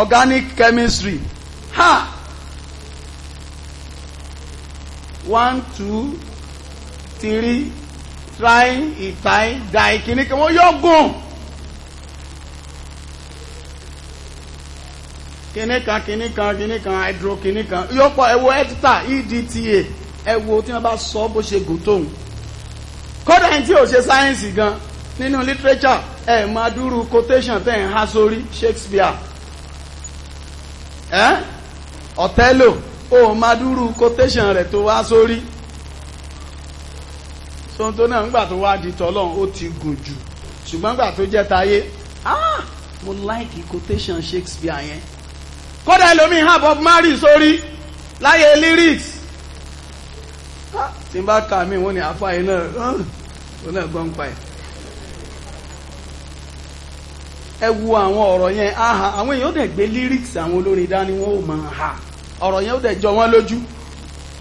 organic chemistry ha one two three try ìtàí dàí kìnnìkan wọ́n yóò gùn. kìnnì kan kìnnì kan kìnnì kan hydro kìnnì kan yọpọ ẹ wo edta e ẹ wo tí wọ́n bá sọ bó ṣe gùn tóun kódà ẹni tí ò ṣe sáyẹ́ǹsì gan nínú literature ẹ máa dúró quotation tẹ́ ẹ̀ ń sórí Shakespeare ẹ́ Othello ó máa dúró quotation rẹ̀ tó wá sórí tóun tó náà ńgbà tó wá di tọ́lọ́n ó ti gùn jù ṣùgbọ́n ńgbà tó jẹ́ tayé ah mo like quotation Shakespeare yẹn kódà ẹlòmíì hàn Bob Mary sórí láyé lyrics tí n bá kà mí wọ́n ní àfa yìí náà náà gbọ́n pa ẹ̀. ẹ wo àwọn ọ̀rọ̀ yẹn aha àwọn èèyàn dẹ̀ gbé lyrics àwọn olórin dání wọn ò máa ha ọ̀rọ̀ yẹn ó dẹ̀ jọ wọ́n lójú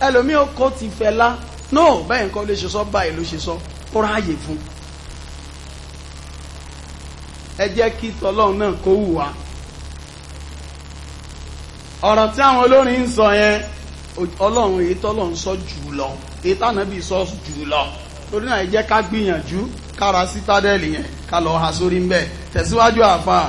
ẹlòmíì ọkọ̀ ti Fẹlá no bẹ́ẹ̀ nǹkan ló ṣe sọ báyìí ló ṣe sọ ó ráàyè fún ẹ jẹ́ kí tọlọ́run náà kó hùwà ọ̀rọ̀ tí àwọn olórin ń sọ yẹn ọlọ́run èyí tọ́lọ́run sọ jù lọ èyí tànàbí sọ jù lọ torí náà jẹ́ ká gbìyànjú kára sítádẹ́ẹ̀lì yẹn ká lọ ha sórí ń bẹ̀ tẹ̀síwájú àfáà.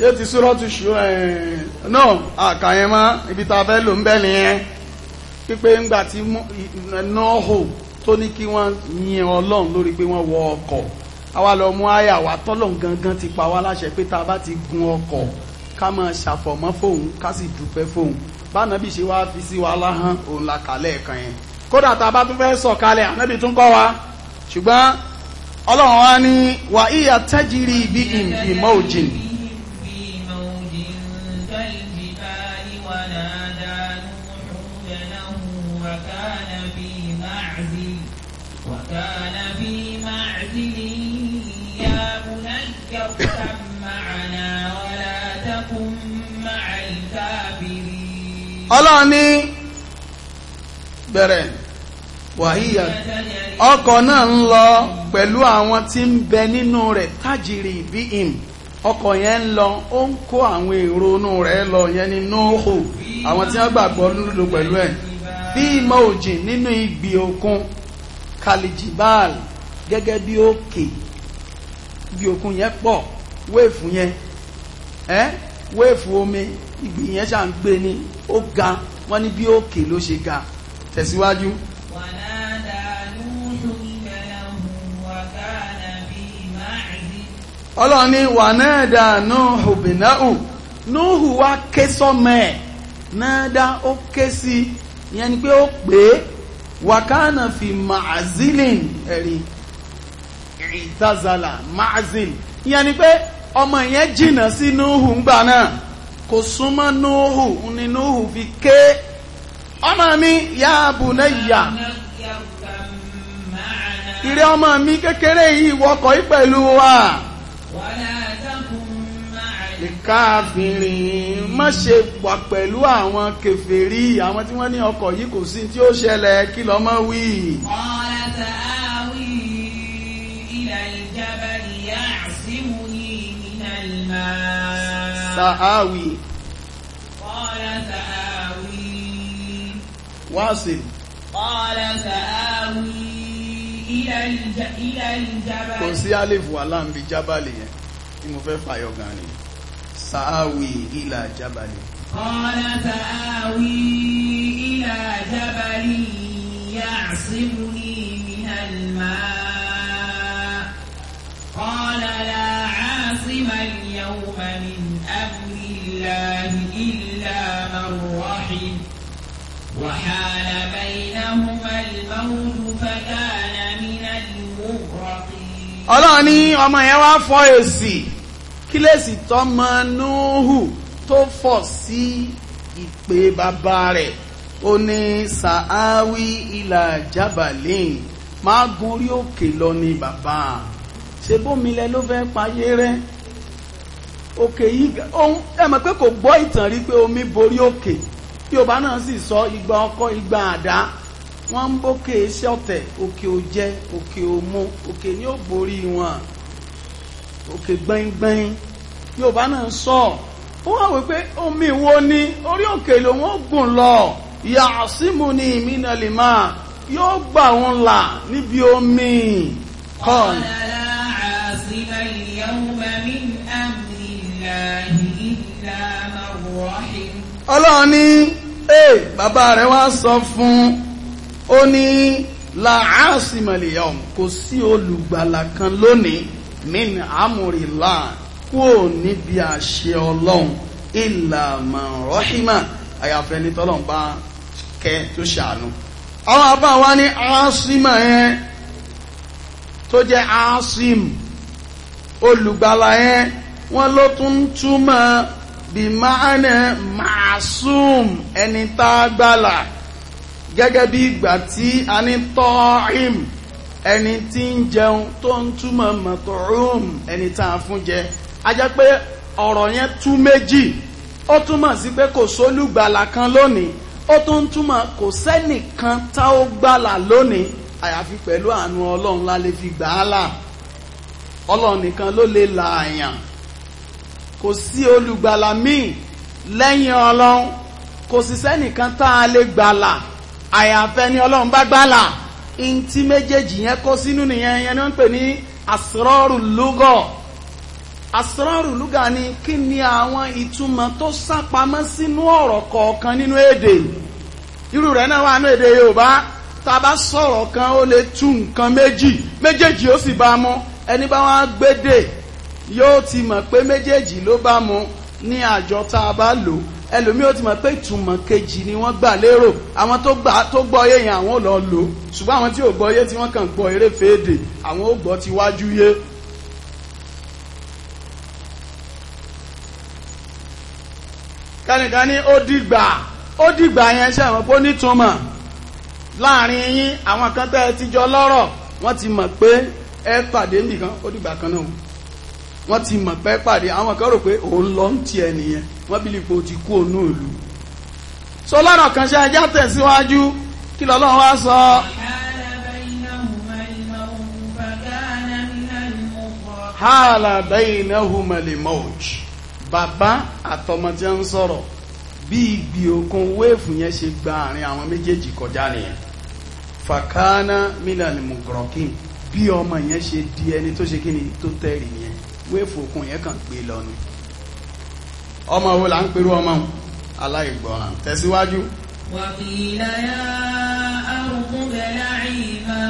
ṣé ti súrọ́tù ṣù ẹ̀ náà àkàyẹ̀mọ́ ibi tá a fẹ́ lò ń bẹ̀ nìyẹn. pípé ńgbà tí nọ́hò tó ní kí wọ́n yin ọlọ́run lórí pé wọ́n wọ ọkọ̀ àwa lọ mú àyà wa tọ́lọ́run gangan ti pa wá láṣẹ pé tá a bá ti gun ọkọ̀ ká máa ṣàfọ̀mọ́ fóun ká sì dúpẹ́ fóun bánábì ṣe wá fi sí wa láhán òun la kàlẹ́ ẹ̀kan yẹn kódà tá a bá tún fẹ́ sọ̀kalẹ̀ ànábì tún kọ́ wa ṣùgbọ́n ọlọ́run wa ní wà íyà tẹ́jìrì bí ìmọ̀ òjìn. وكان في معزل وكان في ọkọ̀ náà ń lọ pẹ̀lú àwọn tí ń bẹ nínú rẹ̀ tájìrì bí ọkọ ọkọ̀ yẹn ń lọ ó ń kó àwọn èrò inú rẹ̀ lọ yẹn ni nóòhù àwọn tí wọ́n gbàgbọ́ lúdò pẹ̀lú ẹ̀ bí ìmọ̀ òjì nínú ìgbì òkun kalijibal gẹ́gẹ́ bí òkè ìgbì òkun yẹn pọ̀ wéèfù yẹn ẹ́ wéèfù omi ìgbì yẹn ṣà ń gbé ni ó ga wọ́n ní bí òkè ló ṣe ga tẹ̀síwájú. ọlọ́run wà náà dà núhù bìnáhù núhù wá ké sọ́mọ náà dá ó ké sí i. ìyẹn ni pé ó pè é wàkánà fi ma'azilin ẹ̀rí ìtazala ma'azil ìyẹn ni pé ọmọ yẹn sí Nuhu ńgbà náà kò súnmọ́ Nuhu ni Nuhu fi ké ọmọ mi ya bunayya ìrẹ́ ọmọ mi kékeré yìí wọkọ̀ yìí pẹ̀lú lìkáàfìrìn má ṣe wà pẹ̀lú àwọn kèfèrí àwọn tí wọ́n ní ọkọ̀ yìí kò sí tí ó ṣẹlẹ̀ kí lọ mọ́ wí. ọ̀rẹ́ta àwì ilẹ̀ ìjábá ìyá àṣìwò ní ìhìnà ìmọ̀. sàáwì. ọ̀rẹ́ta àwì. wáṣẹ. ọ̀rẹ́ta kò sí àlèfò aláǹbí jábàlì yẹn tí mo fẹ́ fàyọ gan-an nìyẹn sàáwì ìlà jábàlì. Qala sàáwì ìlà jábàlì ya'simuni minal ma'. Qala la 'asima al-yawma min amrillahi illa man rahim. وحال بينهما الموت فكان من المغرقين. Ọlọ́run ní ọmọ yẹn wá fọ́ èsì kílẹ̀sì tọ́mọ núhù tó fọ̀ sí ìpè bàbá rẹ̀ ó ní sàáwí ilà jábàlín máa gorí òkè lọ ni bàbá ṣe bómilẹ ló fẹ́ payé rẹ́ òkè yìí ohun ẹ mọ̀ pé kò gbọ́ ìtàn rí pé omi borí òkè Yorùbá náà sì sọ igba ọkọ igba àdá wọ́n ń bókè ṣọ̀tẹ̀ òkè òjẹ́ òkè òmu òkè ni ó borí wọn òkè gbẹ́ngbẹ́ng yorùbá náà sọ ó wà wípé omi wo ni orí òkè lòun ó gùn lọ ìyá àsìmù ni ìmínàlìmá yóò gbà wọn là níbi omi kan. ọlọ́run ní ee bàbá rẹ̀ wá sọ fún ó ní làásìmọ̀lìyàn kò sí olùgbàlà kan lónìí min amúrìlá kúò níbi àṣẹ ọlọ́run ìlà mọ̀rọ́hìmà àyàfẹ́ ní bá kẹ tó ṣàánú àwọn àbá wá ní asima yẹn tó jẹ́ asim olùgbàlà yẹn wọ́n ló tún túmọ̀ bí máànà màásùm ẹni tá gbàlà gẹ́gẹ́ bí ìgbà tí a ní ẹni tí ń jẹun tó ń túmọ̀ mọ̀tòrúm ẹni tá a fún jẹ a jẹ́ pé ọ̀rọ̀ yẹn tú méjì ó túmọ̀ sí pé kò sólùgbàlà kan lónìí ó tún túmọ̀ kò sẹ́nìkan tá ó gbàlà lónìí àyàfi pẹ̀lú àánú ọlọ́run la lè fi gbà á là ọlọ́run nìkan ló lè là àyàn kò sí olùgbàlà míì lẹ́yìn ọlọ́run kò sì sẹ́nìkan tá a lè gbàlà àyàfẹ́ ni ọlọ́run bá gbàlà ntí méjèèjì yẹn kó sínú nìyẹn yẹn ni wọ́n ń pè ní asrọ́rù lúgọ̀ asrọ́rù lúgà ni kí ni àwọn ìtumọ̀ tó sápamọ́ sínú ọ̀rọ̀ kọ̀ọ̀kan nínú èdè irú rẹ̀ náà wà ní èdè Yorùbá tá a bá sọ̀rọ̀ kan ó lè tú nǹkan méjì méjèèjì ó sì bá mu ẹni bá wọn gbédè yóò ti mọ̀ pé méjèèjì ló bá mu ní àjọ tá a bá lò ó ẹlòmí ó ti mọ̀ pé ìtumọ̀ kejì ni wọ́n gbà lérò àwọn tó gbà tó gbọ́ yé yẹn àwọn ò lọ lò ṣùgbọ́n àwọn tí ò gbọ́ yé tí wọ́n kàn gbọ́ eré fèèdè àwọn ò gbọ́ ti wájú yé. kẹ́nìkan ní ó dìgbà ó dìgbà yẹn ṣe àwọn pé ó nítumọ̀ láàrin yín àwọn kan tẹ́ ẹ ti jọ lọ́rọ̀ wọ́n ti mọ̀ pé ẹ pàdé nìkan ó dìgbà kan náà wọ́n ti mọ̀ pé pàdé àwọn kan rò pé òun lọ ń tiẹ̀ nìyẹn wọ́n bí lípo ti kú ònú ìlú so lọ́rọ̀ kan ṣe ajá tẹ̀síwájú kí lọ́lọ́run wá sọ hààlà bẹ́yìn náà hùmẹ̀lì mọ́ọ̀jì bàbá àtọmọ tí ń sọ̀rọ̀ bí ìgbì òkun wéèfù yẹn ṣe gba àárín àwọn méjèèjì kọjá nìyẹn fàkánà mílíọ̀nù mùgọ̀rọ̀kìn bí ọmọ yẹn ṣe di ẹni tó ṣe kí ni tó tẹ̀rì yẹn wéèfù òkun yẹn kàn gbé lọ́nu ọmọ wo là ń perú ọmọ aláìgbọràn tẹ̀síwájú. wàkìlá ya arúgbó bẹ̀rẹ̀ àyìnbá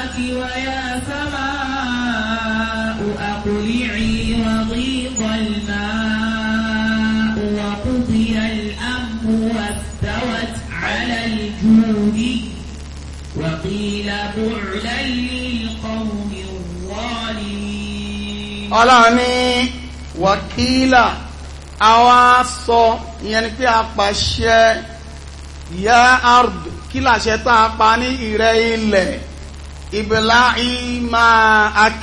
akíwá ya sábà àkùnrin ìwà rí ìkọlùmá wà kúbi àmú àtàwàt àlẹ́ ìjúùdí ọlọ́run ní wàkìlá àwa sọ ìyẹn ni pé a pàṣẹ ya ard kí làṣẹ tá a pa ní ìrẹ ilẹ̀ ìbìlà ìmà ak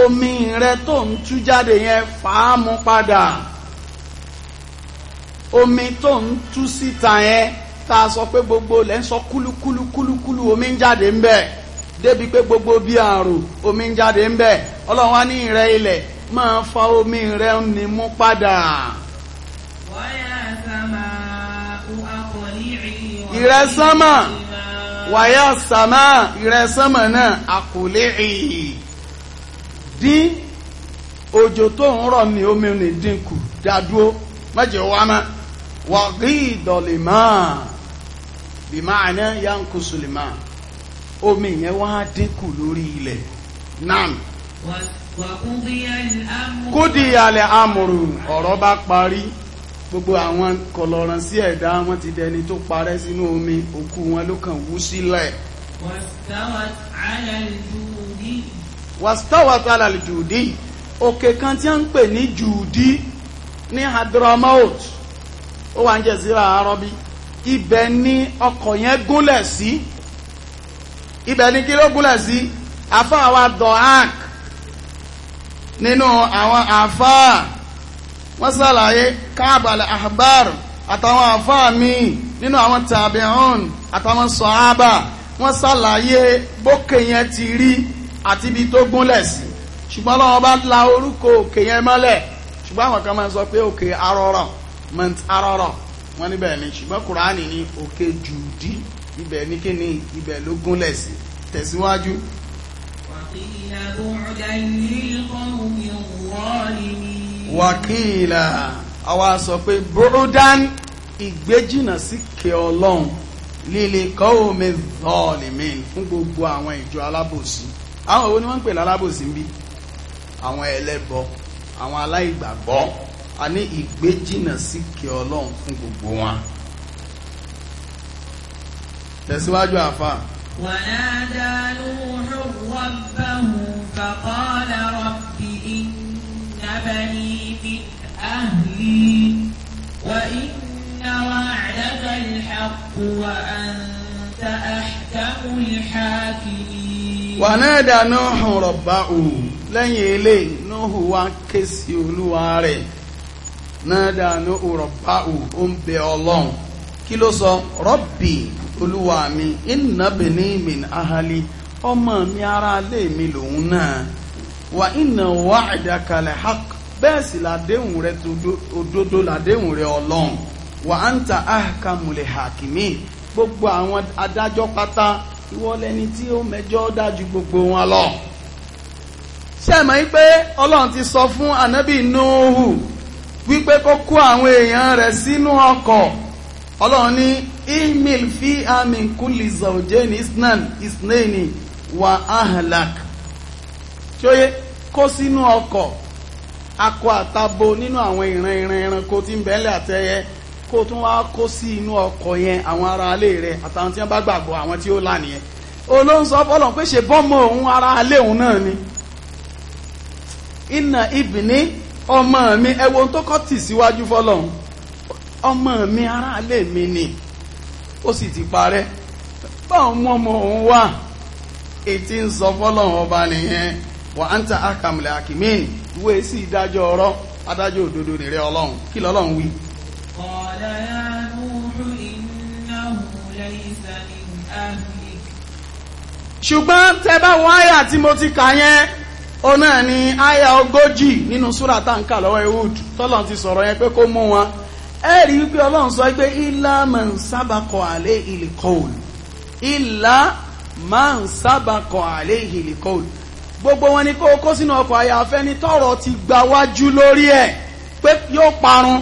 omi rẹ tó ń tú jáde yẹn fàámu padà omi tó ń tú síta yẹn tá a sọ pé gbogbo lẹ́ ń sọ kúlúkúlúkúlú omi ń jáde ń bẹ̀ débi pé gbogbo bí àrùn omi ń jáde ń bẹ̀ ọlọ́run wá ní ìrẹ ilẹ̀ máa fa omi rẹ ni mú padà. ìrẹsánmà wàyà sàmà ìrẹsánmà náà àkùlé ìyì dín òjò tó ń rọ̀ ni omi ní dínkù dádúró mẹ́jọ wá mọ́ wàgí ìdọ̀lẹ̀mọ́ bí máa ní omi yẹn wá dínkù lórí ilẹ̀ náà. kúdì alẹ̀ amòrò ọ̀rọ̀ bá parí gbogbo àwọn kọlọ̀ràn sí ẹ̀dá wọn ti dẹni tó parẹ́ sínú omi òkú wọn ló kàn wú sílẹ̀ wàstawat alal jùdí òkè kan tí a ń pè ní jùdí ní hadramaut ó wà ń jẹ́ síra arọ́bí ibẹ̀ ni ọkọ̀ yẹn gúnlẹ̀ sí ibẹ̀ ni kí ló gúnlẹ̀ sí afáwa dọ̀hánk nínú àwọn àfáà wọ́n sàlàyé káàbàlẹ̀ ahbar àtàwọn àfáà míì nínú àwọn tàbíhùn àtàwọn sọ̀hábà wọ́n sàlàyé bókè yẹn ti rí àti ibi tó gúnlẹ̀ sí ṣùgbọ́n lọ́wọ́ bá la orúkọ òkè yẹn mọ́lẹ̀ ṣùgbọ́n àwọn kan máa ń sọ pé òkè arọ́rọ̀ mount arọ́rọ̀ wọ́n níbẹ̀ ni ṣùgbọ́n kùránì ní òkè jùdí ibẹ̀ ní kíni ibẹ̀ ló gúnlẹ̀ sí tẹ̀síwájú وقيل بعدا للقوم الظالمين وقيل àwa sọ pé bùrúdán ìgbéjìnà sí kẹ ọlọ́run líle kọ́ọ̀mẹ zọ́ọ̀lìmí fún gbogbo àwọn ìjọ alábòsí àwọn òwò ni wọ́n ń pè lálábòsí ń bí àwọn ẹlẹ́bọ àwọn aláìgbàgbọ́ a ní ìgbéjìnà sí kẹ ọlọ́run fún gbogbo wọn tẹ̀síwájú àfáà ونادى نوح ربه فقال رب إن بني من أهلي وإن وعدك الحق وأنت أحكم الحاكمين ونادى نوح ربه lẹ́yìn eléyìí nóhù wá ń ké sí olúwa rẹ̀ náà dáa nóhù rọ̀báhù ó ń bẹ ọlọ́run kí ló sọ rọ́bì olúwa mi ìnàbẹ̀ní min ahali ọmọ mi ara lé mi lòun náà wà ìnà wà àdàkalẹ̀ haq bẹ́ẹ̀ sì làdéhùn rẹ òdodo làdéhùn rẹ ọlọ́run wà á ń ta ahkamulẹ̀ hakimi gbogbo àwọn adájọ́ pátá ìwọ lẹni tí ó mẹjọ́ dájú gbogbo wọn lọ ṣẹ́mọ̀ yí pé ọlọ́run ti sọ fún ànábì Nuhu wípé kó kó àwọn èèyàn rẹ̀ sínú ọkọ̀ ọlọ́run ní ihmil fiha min kulli zawjayn isnan isnaini wa ahlak ṣóyé kó sínú ọkọ̀ akọ àtabo nínú àwọn ìran ìran ẹranko tí ń bẹ́lẹ̀ àtẹyẹ kó tún wá kó sí inú ọkọ̀ yẹn àwọn aráalé rẹ̀ àtàwọn tí wọ́n bá gbàgbọ́ àwọn tí ó là nìyẹn olóńsọ fọlọ́n pé ṣe bọ́mọ òun aráalé òun náà ni ìnà ìbìní ọmọ mi ẹwọ́n tó kọ́ tì síwájú fọlọ́n ọmọ mi ara aráalé mi ni. ó sì ti parẹ́ báwọn mú ọmọ òun wá ètí ń sọ fọ́lọ́run ọba nìyẹn wà á ń ta àkàmùlẹ̀ àkìmíìn ìwé sí ìdájọ́ ọ̀rọ̀ adájọ́ òdodo nìrẹ́ ọlọ́run kí lọ́lọ́run wí. ọ̀la ya Nuhu innahu laysa min ṣùgbọ́n tẹ́ bá wọn àyà tí mo ti kà yẹn ó náà ní àyà ogójì nínú súrà tá à ń kà lọ́wọ́ ehud tọ́lọ́run ti sọ̀rọ̀ yẹn pé kó mú wọn ẹ rí wípé ọlọ́run sọ pé ilá máa ń sábàkọ̀ àlẹ́ ìlìkọ́ọ̀lù ilá máa ń sábàkọ̀ àlẹ́ ìlìkọ́ọ̀lù gbogbo wọn ni kó kó sínú ọkọ̀ àyàfẹ́ ni tọ́rọ̀ ti gba wájú lórí ẹ̀ pé yóò parun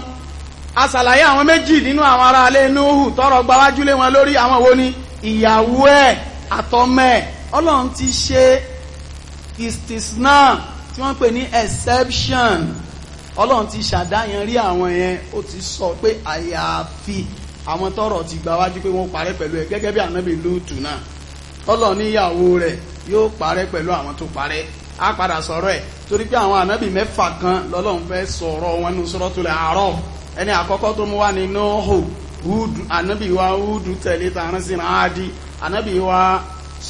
aṣàlàyé àwọn méjì nínú àwọn ará alẹ́ Nuhu tọ́rọ̀ gba wájú lé wọn lórí àwọn wo ni ìyàwó ẹ̀ àtọmọ ẹ̀ ọlọ́run ti ṣe istisna tí wọ́n pè ní exception ọlọ́run ti ṣàdáyan rí àwọn yẹn ó ti sọ pé àyàfi àwọn tọrọ ti gbà wájú pé wọ́n parẹ́ pẹ̀lú ẹ̀ gẹ́gẹ́ bí ànábì lóòtù náà ọlọ́run níyàwó rẹ̀ yóò parẹ́ pẹ̀lú àwọn tó parẹ́ á padà sọ̀rọ̀ ẹ̀ torí pé àwọn ànábì mẹ́fà kan lọ́lọ́run fẹ́ sọ̀rọ̀ wọn ní Suratul A'raf ẹni àkọ́kọ́ tó mú wá ní nóòhù húdù ànábì wa húdù tẹ̀lé tààrín sí àádì ànábì wa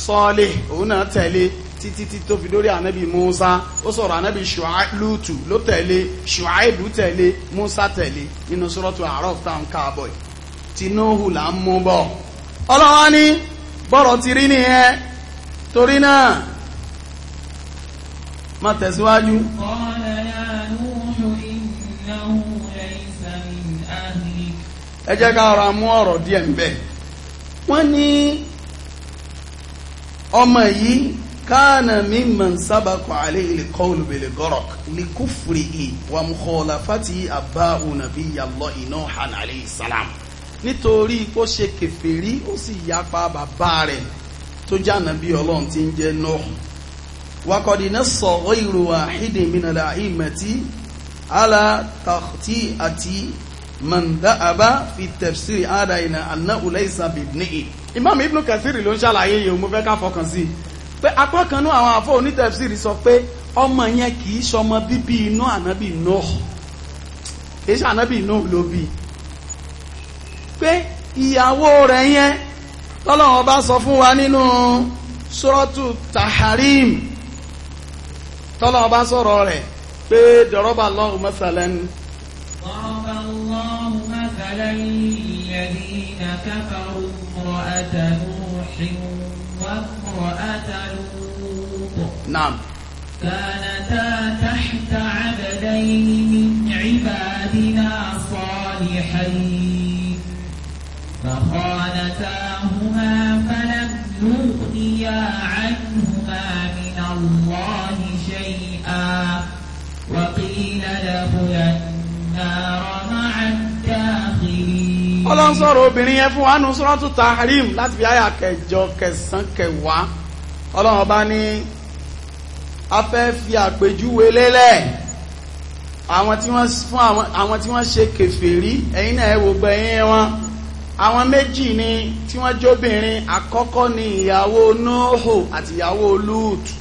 sọ́ọ̀lì òun náà tẹ̀lé títí tí tó fi dórí ànábì Musa ó sọ̀rọ̀ ànábì Ṣuaibu ló tẹ̀lé Ṣuaibu tẹ̀lé Musa tẹ̀lé nínú sọ́rọ́tù Araf tá à ń ká bọ̀ tinúhù là ń mú bọ̀ ọlọ́wọ́ ní bọ́rọ̀ ti rí nìyẹn torí náà má tẹ̀síwájú. ẹ jẹ́ ká ara mú ọ̀rọ̀ díẹ̀ ń bẹ̀ wọ́n ní ọmọ yìí kana mimman sabaku alayhi alqawlu bil gharq li kufrihi wa mukhalafati abba'u nabiyallahi nuhan alayhi salam nítorí kó ṣe kèfèrí ó sì yapa bàbá rẹ̀ tó jẹ́ ànábì Ọlọ́run tí ń jẹ́ Nuh wa qad nassa ghayru wahidin min al-a'immati ala takhti'ati man dha'aba fi tafsiri àdáyìnà annahu laysa bibnihi imam ibn kathir ló ń ṣàlàyé yìí mo fẹ́ ká fọkàn sí pé apá kan náà àwọn àfọ onítẹ̀fsìrì sọ pé ọmọ yẹn kì í ṣọmọ bíbí inú ànábì Nuh kì í ṣànábì Nuh ló bí pé ìyàwó rẹ̀ yẹn tọ́lọ́wọ́n bá sọ fún wa nínú sọ́rọ́tù taharim tọ́lọ́wọ́n bá sọ̀rọ̀ rẹ̀ pé dọ̀rọ́bà lọ́hùn mẹ́sàlẹ́ ni. ضرب الله مثلا للذين كفروا امرأة نوح وامرأة لوط نعم كانتا تحت عبدين من عبادنا صالحين فخانتاهما فلم يغنيا عنهما من الله شيئا وقيل له النار مع ọlọ́run sọ̀rọ̀ obìnrin yẹn fún wa nù sọ́rọ́tù tahrim láti fi àyà kẹjọ kẹsàn-án kẹwàá ọlọ́run ọba ní a fẹ́ fi àpèjúwe lélẹ̀ àwọn tí wọ́n fún àwọn ṣe kèfèrí ẹ̀yin náà ẹ gbẹ̀yìn wọn àwọn méjì ni tí wọ́n jóbìnrin àkọ́kọ́ ni ìyàwó nóhò àti ìyàwó lúùtù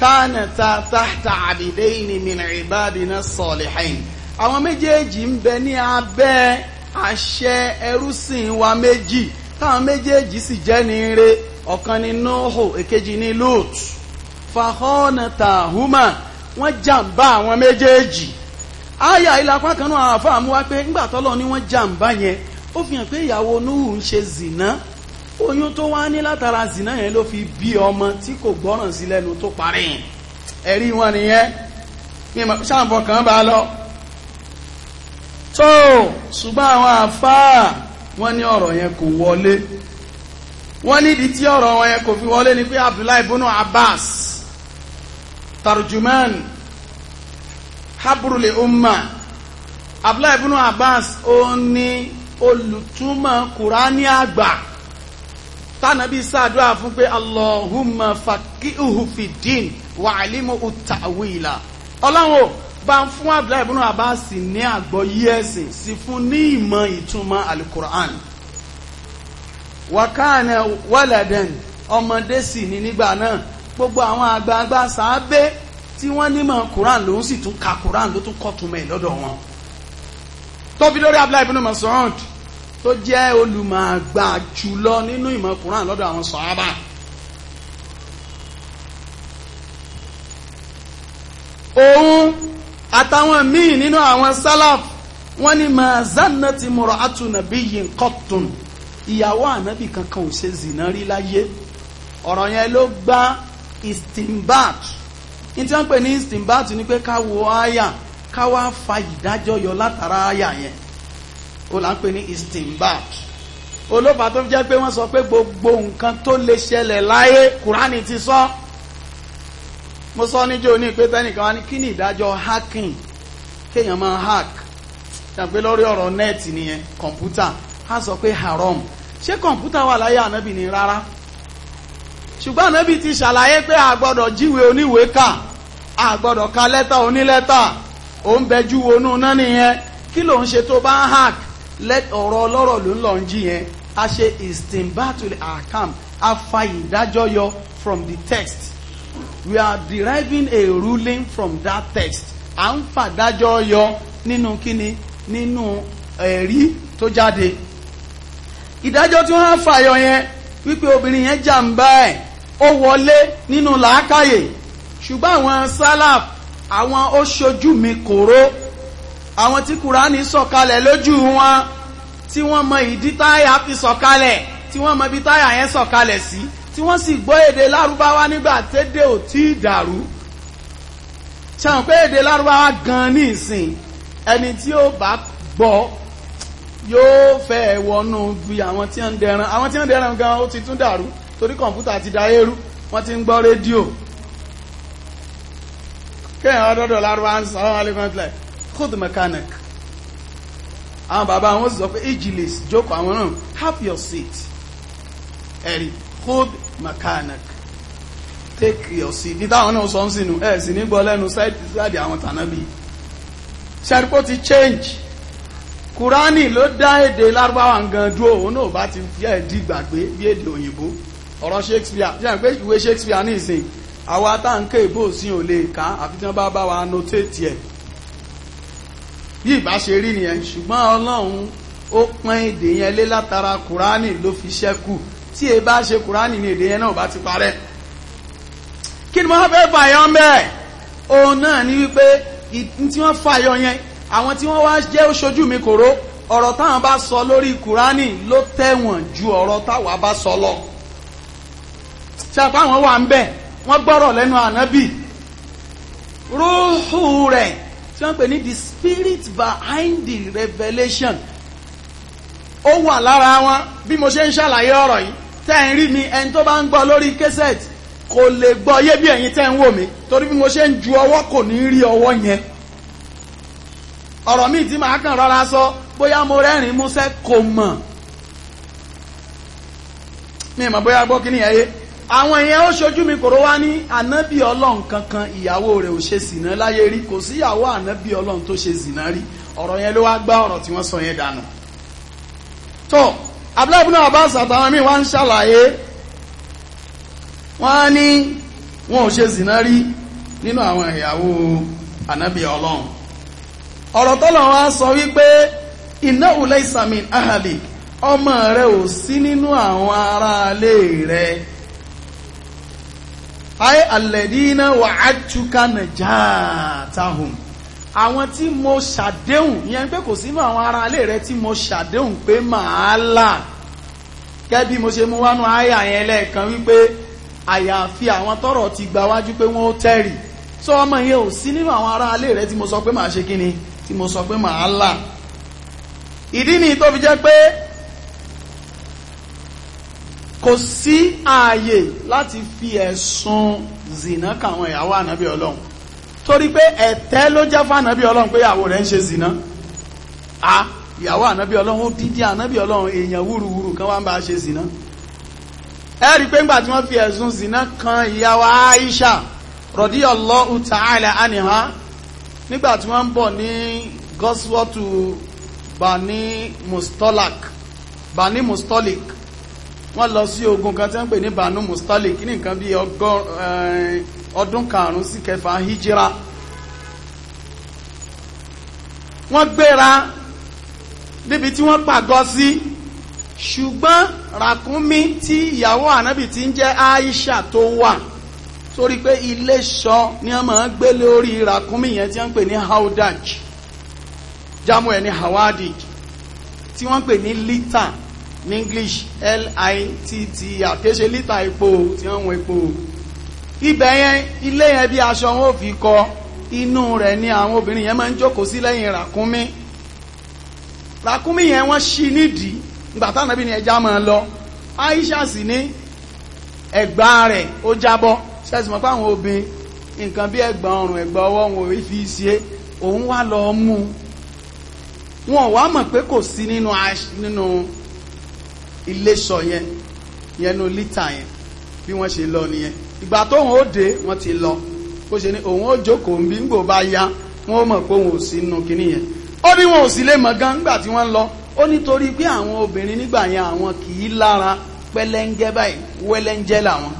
kánàtà táhtà àbìdẹ́yìn ni min ibadina salihin àwọn méjèèjì ń bẹ ní abẹ́ àṣẹ ẹrúsìn wa méjì táwọn méjèèjì sì jẹ́ ní ire ọ̀kan ni nóhò èkejì ni lot fahọ́nà tàhúmà wọ́n jàǹbá àwọn méjèèjì àyà ìlàpá kan náà àfa àmú wa pé ńgbà tọ́lọ́ ni wọ́n jàǹbá yẹn ó fi hàn pé ìyàwó Núhù ń ṣe zìnà oyún tó wá ní látara zìnà yẹn ló fi bí ọmọ tí kò gbọ́ràn sí lẹ́nu tó parí ẹ̀rí wọn nìyẹn ṣáàbọ̀ kan bá lọ tó ṣùgbọ́n àwọn àfáà wọ́n ní ọ̀rọ̀ yẹn kò wọlé wọ́n nídìí tí ọ̀rọ̀ wọn yẹn kò fi wọlé ni pé Abdullahi bunu Abbas tarjuman habrul umma Abdullahi bunu Abbas ó ní olùtúmọ̀ Kùránì àgbà tánàbí sàdúrà fún pé Allahumma faqihuhu fi din wa'alimuhu ta'wila ọlọ́run bá ń fún Abdullahi ibn Abbas ní àgbọ́yé ẹ̀sìn sí fún ní ìmọ̀ ìtumọ̀ alukur'an wakana waladan ọmọdé sì ní nígbà náà gbogbo àwọn àgbààgbà sàábé tí wọ́n nímọ̀ quran lòun sì tún ka quran ló tún kọ́ túmọ̀ ẹ̀ lọ́dọ̀ wọn tóbi lórí Abdullahi ibn Mas'ud tó jẹ́ olùmọ̀ àgbà jùlọ nínú ìmọ̀ quran lọ́dọ̀ àwọn sàábà. òun àtàwọn míì nínú àwọn sálàf wọ́n ní ma zanna ti mọ̀rọ̀ àtúnàbí yìí kọ́tùn ìyàwó ànábì kankan ò ṣe zìnà rí láyé ọ̀rọ̀ yẹn ló gbá istinbat ní tí wọ́n pè ní istinbat ni pé ká wo àyà ká wá fa ìdájọ́ yọ látara àyà yẹn ó là ń pè ní istinbat olófà tó jẹ́ pé wọ́n sọ pé gbogbo nǹkan tó lè ṣẹlẹ̀ láyé kùránì ti sọ. So mo sọ níjó ní pé tẹ́nìkan wá ní kí ni ìdájọ́ hacking kéèyàn máa hack tàbí lórí ọ̀rọ̀ nẹ́ẹ̀tì nìyẹn kọ̀ǹpútà á sọ pé haram ṣé kọ̀ǹpútà wà láyé ànábì ni rárá ṣùgbọ́n ànábì ti ṣàlàyé pé a gbọ́dọ̀ jíwèé oníwèé kà a gbọ́dọ̀ ka lẹ́tà onílẹ́tà ò ń bẹjú wonú náà nìyẹn kí ló ń ṣe tó bá ń hack ọ̀rọ̀ ọlọ́rọ̀ ló ń lọ ń jí yẹn a ṣe istinbatul akam a fa ìdájọ́ yọ from the text we are deriving a ruling from that text à ń fàdájọ́ yọ nínú kíni nínú ẹ̀rí tó jáde ìdájọ́ tí wọ́n á fàyọ yẹn wípé obìnrin yẹn jàǹbá ẹ̀ ó wọlé nínú làákàyè ṣùgbọ́n àwọn sálàf àwọn ó ṣojú mi kòró àwọn tí kùránì sọ̀kalẹ̀ lójú wọn tí wọ́n mọ ìdí táyà fi sọ̀kalẹ̀ tí wọ́n mọ ibi táyà yẹn sọ̀kalẹ̀ sí tí wọ́n sì gbọ́ èdè lárúbáwá nígbà tédè ò tí ì dàrú ṣàwọn pé èdè lárúbáwá gan ní ìsìn ẹni tí ó bá gbọ́ yóò fẹ́ wọnú bí àwọn tí ń dẹran àwọn tí ń dẹran gan ó ti tún dàrú torí kọ̀ǹpútà ti da eérú wọ́n ti ń gbọ́ rédíò kéèyàn ọdọ́dọ̀ lárúbáwá ń sọ ọ́n alẹ́kọ̀ọ́tìlẹ̀ khud mechanic àwọn bàbá wọn sọ pé ijilis jókòó àwọn náà have your seat ẹ̀rí khud mechanic take your seat bí táwọn náà sọ ń sinú ẹ̀ sì ní gbọ́ lẹ́nu sáàdì àwọn tànábì ṣẹ́rípò ti change kùránì ló dá èdè lárúbáwá gan dúró òun náà bá ti fi ẹ̀ di gbàgbé bí èdè òyìnbó ọ̀rọ̀ Shakespeare ṣe pé ìwé Shakespeare ní ìsìn àwa tá à ń ké ìbò sí ò lè kà àfi tí wọ́n bá bá wa annotate ẹ̀ bí ìbá ṣe rí nìyẹn ṣùgbọ́n Ọlọ́run ó pọ́n èdè yẹn lé látara kùránì ló fi ṣẹ́kù tí ẹ bá ṣe kùránì ní èdè yẹn náà bá ti parẹ́ kí ni wọ́n fẹ́ fàyọ ń bẹ́ẹ̀ òun náà ni wípé tí wọ́n fàyọ yẹn àwọn tí wọ́n wá jẹ́ oṣojú mi kòró ọ̀rọ̀ táwọn bá sọ lórí kùránì ló tẹ̀wọ̀n ju ọ̀rọ̀ táwa bá sọ lọ ṣàpá àwọn wà ń bẹ̀ wọ́n gbọ́rọ̀ lẹ́nu ànábì rúhù rẹ̀ tí wọ́n pè ní the spirit behind the revelation ó wà lára wọn bí mo ṣe ń ṣàlàyé ọ̀rọ̀ yìí tẹ́ ń rí mi ẹni tó bá ń gbọ́ lórí kẹsẹ̀t kò lè gbọ́ yé bí ẹ̀yin tẹ́ ń wò mí torí bí mo ṣe ń ju ọwọ́ kò ní rí ọwọ́ yẹn ọ̀rọ̀ míì tí màá kàn rárá sọ bóyá mo rẹ́rìn músẹ́ kò mọ̀ mi mọ̀ bóyá gbọ́ kí nìyẹn yé àwọn èèyàn ó ṣojú mi kòró wá ní ànábì ọlọ́run kankan ìyàwó rẹ̀ ò ṣe sìnà láyé rí kò síyàwó ànábì ọlọ́run tó ṣe sìnà rí ọ̀rọ̀ yẹn ló wá gbá ọ̀rọ̀ tí wọ́n sọ yẹn dànù tó Abdullahi ibn Abbas àtàwọn míì wá ń ṣàlàyé wọ́n á ní wọn ò ṣe zìnà rí nínú àwọn ìyàwó ànábì ọlọ́run ọ̀rọ̀ tọ́lọ́run wá sọ wípé innahu laysa min ahalik ọmọ rẹ ò sí nínú àwọn aráalé rẹ ayé alladina wa'adtuka najatahum àwọn tí mo ṣàdéhùn ìyẹn pé kò sínú àwọn ará ilé rẹ tí mo ṣàdéhùn pé màá là kẹ́bí mo ṣe mú wánú àyà yẹn lẹ́ẹ̀kan wípé àyàfi àwọn tọrọ ti gba wájú pé wọ́n ó tẹ̀rì tó ọmọ yẹn ò sí nínú àwọn ará ilé rẹ tí mo sọ pé màá ṣe kí ni tí mo sọ pé màá là ìdí ni tó fi jẹ́ pé kò sí ààyè láti fi ẹ̀sùn zìnà kàwọn ìyàwó ànábì ọlọ́run torí pé ẹ̀tẹ́ ló jẹ́ fànàbí ọlọ́run pé ìyàwó rẹ̀ ń ṣe zìnà a ìyàwó ànábí ọlọ́run ó dídí ànábí ọlọ́run èèyàn wúruwúru kan wá ń bá a ṣe zìnà ẹ rí i pé ńgbà tí wọ́n fi ẹ̀sùn zìnà kan ìyàwó Aisha radiyallahu ta'ala anha nígbà tí wọ́n ń bọ̀ ní gọ́síwọ́tù bani mustolak bani mustolik wọ́n lọ sí ogun kan tí wọ́n pè ní bani mustolik ní nǹkan bíi ọgọ́rùn ọdún karùn-ún sí kẹfà hijira wọ́n gbéra níbi tí wọ́n pàgọ́ sí ṣùgbọ́n ràkúnmí tí ìyàwó ànábì ti ń jẹ́ Aisha tó wà torí pé ilé ṣọ ni wọ́n máa ń gbé lórí ràkúnmí yẹn tí wọ́n pè ní haudaj jamu ẹ̀ ní hawadij tí wọ́n pè ní lítà ní English l-i-t-t-a kì í ṣe lítà epo tí wọ́n wọ epo o ibẹ̀ yẹn ilé yẹn bí aṣọ wọn ò fi kọ inú rẹ ni àwọn obìnrin yẹn máa ń jókòó sí lẹ́yìn ràkúnmí ràkúnmí yẹn wọ́n ṣí nídìí ìgbà táwọn ẹbí lọ Aisha sì ní ẹ̀gbà rẹ̀ ó jábọ́ ṣẹ́sì mọ́ páwọn obìnrin nǹkan bí ẹ̀gbà ọrùn ẹ̀gbà ọwọ́ wọn ò fi ṣe òun wá lọ mú wọn wá mọ̀ pé kò sí nínú iléṣọ yẹn yẹnu lítà yẹn bí wọ́n lọ nìyẹn ìgbà tóun ó dé wọ́n ti lọ bó ṣe ní òun ó jókòó nbí ńgbò bá yá wọn ó mọ̀ pé òun ò sí nù kíní yẹn ó ní wọn ò sí lè mọ̀ gan nígbà tí wọ́n ń lọ ó nítorí pé àwọn obìnrin nígbà yẹn àwọn kì í lára pẹlẹńgẹ báyìí wẹlẹńjẹ làwọn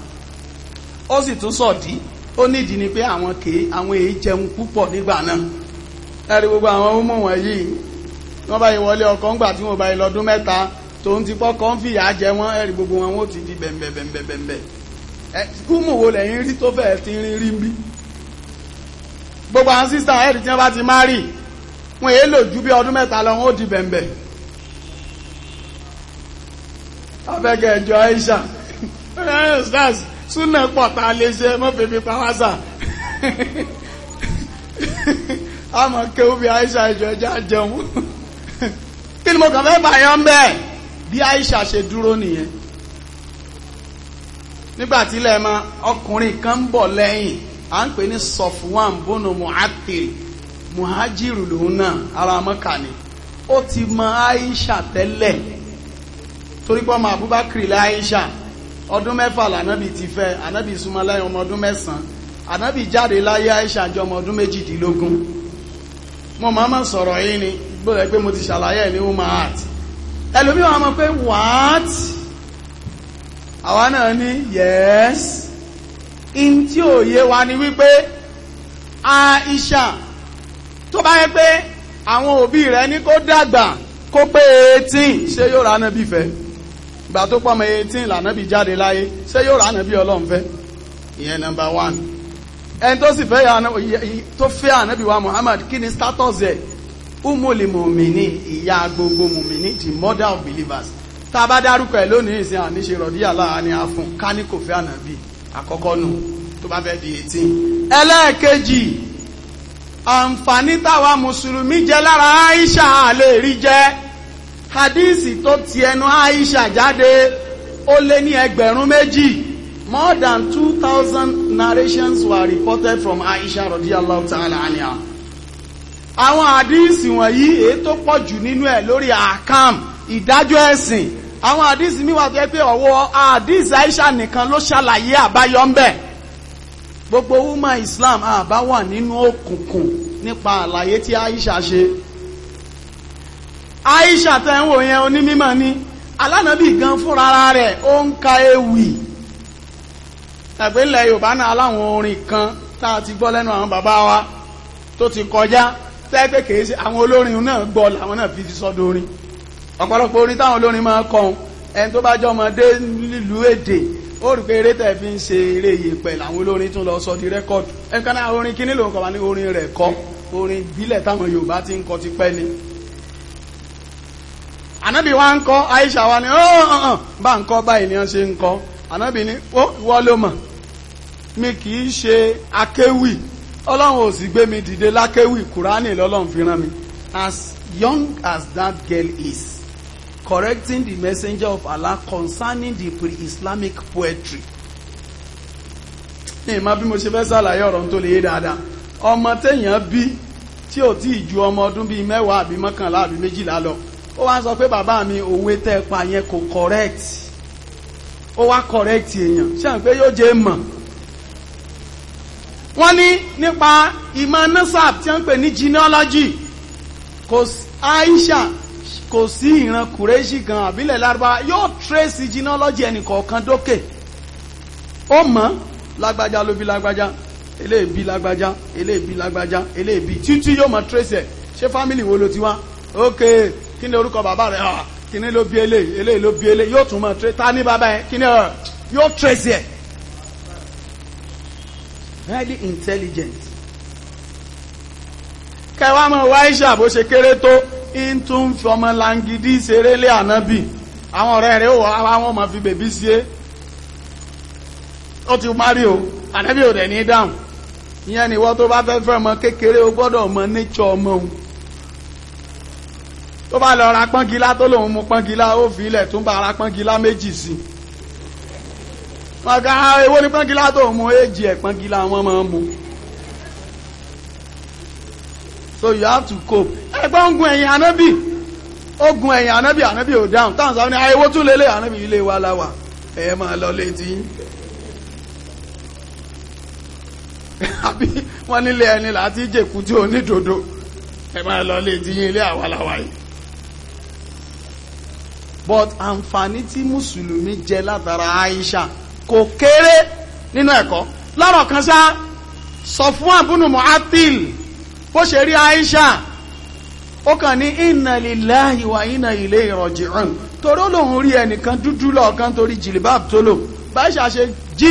ó sì tún sọ̀dí ó nídìí ni pé àwọn kì í àwọn èyí jẹun púpọ̀ nígbà náà ẹ̀rí gbogbo àwọn ọmọ wọn yìí wọ́n bá yẹ wọlé ọkọ ńgbà tí wọ́n bá yẹ lọ́dún tòun ti pọ́ kọ́ńfìyà jẹ wọ́n ẹ̀rí gbogbo wọn wọ́n ti di bẹ̀m̀bẹ̀m̀bẹ̀m̀bẹ̀ kúmù wo lẹ́yìn rí tó fẹ́ẹ̀ ti rí rí bí gbogbo àwọn sísá ẹ̀rì tí wọ́n bá ti má rí wọn èé lò ju bí ọdún mẹ́ta lọ wọn ó di bẹ̀m̀bẹ̀ abẹ́gẹ̀ ẹ̀jọ́ aisha ẹ̀rọ stars súnà pọ̀ ta lè ṣe mọ́ bèbí pàwásà àmọ́ kéwú bí aisha ẹ̀jọ́ ẹjọ́ jẹun kí ni mo kàn fẹ́ bàyọ́ ń bẹ́ẹ̀ bí aisha ṣe dúró nìyẹn nígbàtí ilẹ̀ ma ọkùnrin kan ń bọ̀ lẹ́yìn à ń pè ní bónú muhatir muhajiru lòun náà ara mọ́kà ni ti mọ Aisha tẹ́lẹ̀ torí pé ọmọ Abubakar Aisha ọdún mẹ́fà lànàbì ti fẹ́ ànàbì súnmọ́ lẹ́yìn ọmọ ọdún mẹ́sàn-án ànàbì Aisha jọ ọmọ ọdún méjìdínlógún mo ma sọ̀rọ̀ ni gbọ́dọ̀ pé mo ti ṣàlàyé ẹ̀ ní ẹlòmíràn máa àwa náà ní yes in tí òye wa ni wípé Aisha tó bá yẹ pé àwọn òbí rẹ̀ ní kó dàgbà kó pé eighteen ṣé yóò rà nábì fẹ́ ìgbà tó pọ̀ mọ́ eighteen lànábì jáde láyé ṣé yóò rà nábì Ọlọ́run fẹ́ ìyẹn number one ẹni tó sì fẹ́ yà tó fẹ́ ànábì wa Muhammad kí ni status ẹ̀ umul mu'minin ìyá gbogbo mu'minin the mother of believers tá a bá dárúkọ ẹ̀ lónìí ìsìn àníṣe rọ̀díyà láàánú àfún ká ní kò fẹ́ ànàbì àkọ́kọ́ nù tó bá fẹ́ di eighteen. ẹlẹ́ẹ̀kejì àǹfààní táwa mùsùlùmí jẹ lára Aisha lè rí jẹ hadísì tó ti ẹnu Aisha jáde ó lé ní ẹgbẹ̀rún méjì more than two thousand narrations were reported from Aisha radiyallahu ta'ala anha àwọn hadísì wọ̀nyí èyí tó pọ̀ jù nínú ẹ̀ lórí àkàm ìdájọ́ ẹ̀sìn àwọn àdísì mi wà tó yẹ pé ọ̀wọ́ àdísì Aisha nìkan ló ṣàlàyé àbáyọ ń bẹ̀ gbogbo woman Islam àbá wà nínú òkùnkùn nípa àlàyé tí Aisha ṣe Aisha tẹ́ ń wò yẹn onímọ̀ ni alánàbì gan fúnra rẹ̀ ó ń ka ewì ẹ̀gbẹ́ Yorùbá náà aláwọn orin kan tá a ti gbọ́ lẹ́nu àwọn bàbá wa tó ti kọjá tẹ́ẹ̀pẹ́ kìí ṣe àwọn olórin náà gbọ́ làwọn náà fi fi sọ́dọ̀ orin ọ̀pọ̀lọpọ̀ orin táwọn olórin máa kọ ẹni tó bá jọ ọmọdé nílùú èdè ó rí pé eré tẹ̀ fi ń ṣe eré yèèpẹ̀ làwọn olórin tún lọ sọ di rẹ́kọ̀dù ẹnìkan orin kíní ló ń kọ́ ní orin rẹ̀ kọ́ orin ìbílẹ̀ táwọn Yorùbá ti ń kọ ti pẹ́ ni. ànábì wa ń kọ́ Aisha wa ni ọ̀hún bá ń kọ́ báyìí ni wọ́n ṣe ń kọ́ ànábì ni ó wọ́ ló mọ̀ mi kì í ṣe akéwì ọlọ́run ò sì gbé mi dìde lákéwì Kùránì lọ́lọ́run fi rán mi as young as that girl is correcting the messenger of Allah concerning the pre-Islamic poetry. ní ìmọ̀ bí mo ṣe fẹ́ ṣàlàyé ọ̀rọ̀ tó lè yé dáadáa ọmọ téèyàn bí tí ò tí ì ju ọmọ ọdún bíi mẹ́wàá àbí mọ́kànlá àbí méjìlá lọ ó wá sọ pé bàbá mi òwe tẹ́ ẹ pa yẹn kò correct ó wá correct èèyàn ṣáà pé yóò jẹ́ mọ̀ wọ́n ní nípa ìmọ̀ nasab tí wọ́n ń pè ní genealogy kò Aisha kò sí ìran kùrẹ́ṣì gan àbílẹ̀ lárúbá yóò trace genealogy ẹnìkọ̀ọ̀kan dókè ó mọ̀ lágbájá ló bí lágbájá eléèbí lágbájá eléèbí lágbájá eléèbí títí yóò mọ̀ trace ẹ̀ ṣé family wo ló ti wá ok kí ni orúkọ bàbá rẹ̀ ah kí ni ló bí eléyìí eléyìí ló bí eléyìí yóò tún mọ̀ trace ta ní bàbá yẹn kí ni yóò trace ẹ̀. highly intelligent kẹwàá mọ̀ wá ìṣà bó ṣe kéré tó ń tún fọmọ langidi ṣeré lé ànábì àwọn ọ̀rẹ́ rẹ̀ ó àwọn ọmọ fi bèbí sí é e. ó ti mari o ànábì ò dẹ̀ ní dáhùn ìyẹn ni wọ́n tó bá fẹ́ fẹ́ ọmọ kékeré o gbọ́dọ̀ mọ nature ọmọ òun tó bá lọ ra pọ́ngilá tó lòun mu pọ́ngilá ó fi ilẹ̀ tún bá ra pọ́ngilá méjì sí i wọ́n ká ewó ní pọ́ngilá tó mu éjì ẹ̀ pọ́ngilá wọn máa ń mu so you have to cope ẹgbẹ́ ogun ẹ̀yìn anábì ogun ẹ̀yìn anábì anábì ò dáhùn táwọn sáwọn ní ayéwo tún lélẹ̀ anábì ilé wa láwà ẹ̀yẹ máa lọ létí àbí wọ́n nílé ẹni láti jèkú tí ó ní dòdò ẹ máa lọ létí ilé àwa láwà yìí but àǹfààní tí mùsùlùmí jẹ látara Aisha kò kéré nínú ẹ̀kọ́ lọ́rọ̀ kan sá Safwan bunu Mu'attil bó ṣe rí Aisha ó kàn ní inna lillahi wa inna ilayhi raji'un torí ó lòun rí ẹnìkan dúdú lọ́ọ̀kan torí jìlìbáàbù tó lò báyìí ṣe jí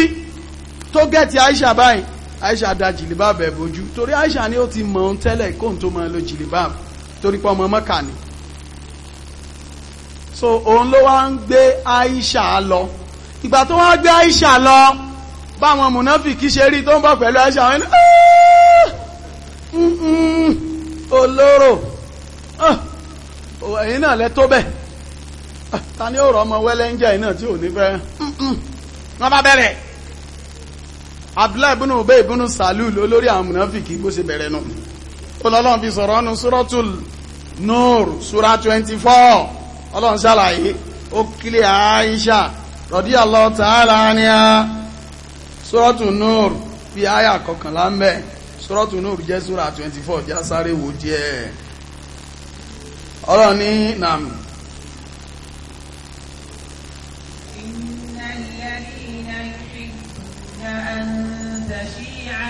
tó gẹ́ẹ̀tì Aisha báyìí Aisha da jìlìbáàbù ẹ̀ bójú torí Aisha ni ó ti mọ̀ ọ́n tẹ́lẹ̀ kóhun tó máa lo jìlìbáàbù torí pé ọmọ Mọ́kà ni so òun ló wá ń gbé Aisha lọ ìgbà tó wá gbé Aisha lọ báwọn mùnáfìkì ṣe rí tó ń bọ̀ pẹ̀lú Aisha wọn ni ẹ́ẹ́ olóró ah, ẹ̀yin náà lẹ tó bẹ́ẹ̀ ah, ta ni ó rọ ọmọ wẹ́lẹ́ ń jẹ́ ẹ̀yin náà tí ò ní fẹ́ wọ́n bá bẹ̀rẹ̀ abdullahi ibùnú ubay ibùnú salul olórí àwọn mùnàfíkì bó ṣe bẹ̀rẹ̀ nù ọlọ́run fi sọ̀rọ̀ ọ́nù suratul nur sura twenty four ọlọ́run ṣàlàyé ó kílẹ̀ aisha radiyallahu ta'ala anha suratul nur fi àyà kọkànlá mẹ́ẹ̀ sọ́rọ́tù Núrù jẹ́ sura 24 já sáré wò díẹ̀ ọlọ́run ní nàmì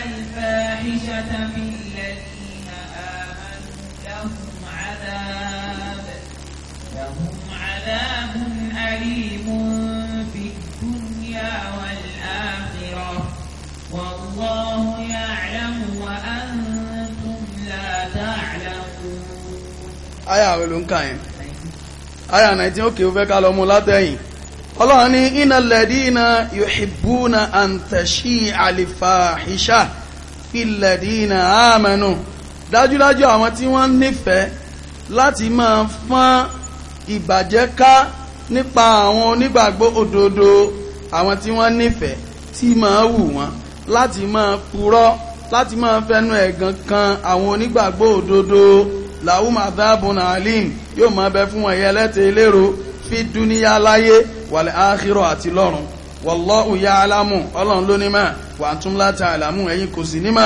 الفاحشة في الذين آمنوا لهم عذاب لهم عذاب أليم في الدنيا والآخرة والله aya àwọn ló ń kà yẹn aya 19 òkè ó fẹ́ ká lọ mú látẹ̀yìn ọlọ́run ní iná lẹ́dí iná yòhìbúna àǹtẹ̀ṣí àlìfàhíṣà dájúdájú àwọn tí wọ́n nífẹ̀ẹ́ láti máa fọ́n ìbàjẹ́ ká nípa àwọn onígbàgbọ́ òdodo àwọn tí wọ́n nífẹ̀ẹ́ tí máa wù wọ́n láti máa purọ́ láti máa fẹ́nu ẹ̀gàn kan àwọn onígbàgbọ́ òdodo làwọn àdáàbùn alim yóò máa bẹ fún wọn ẹlẹ́tẹ̀ eléro fi dúníyà láyé wàlẹ̀ áhírọ̀ àti lọ́run wallahu ya'lamu ọlọ́run ló ní mà wa antum la ta'lamu ẹ̀yin kò sí ní mà.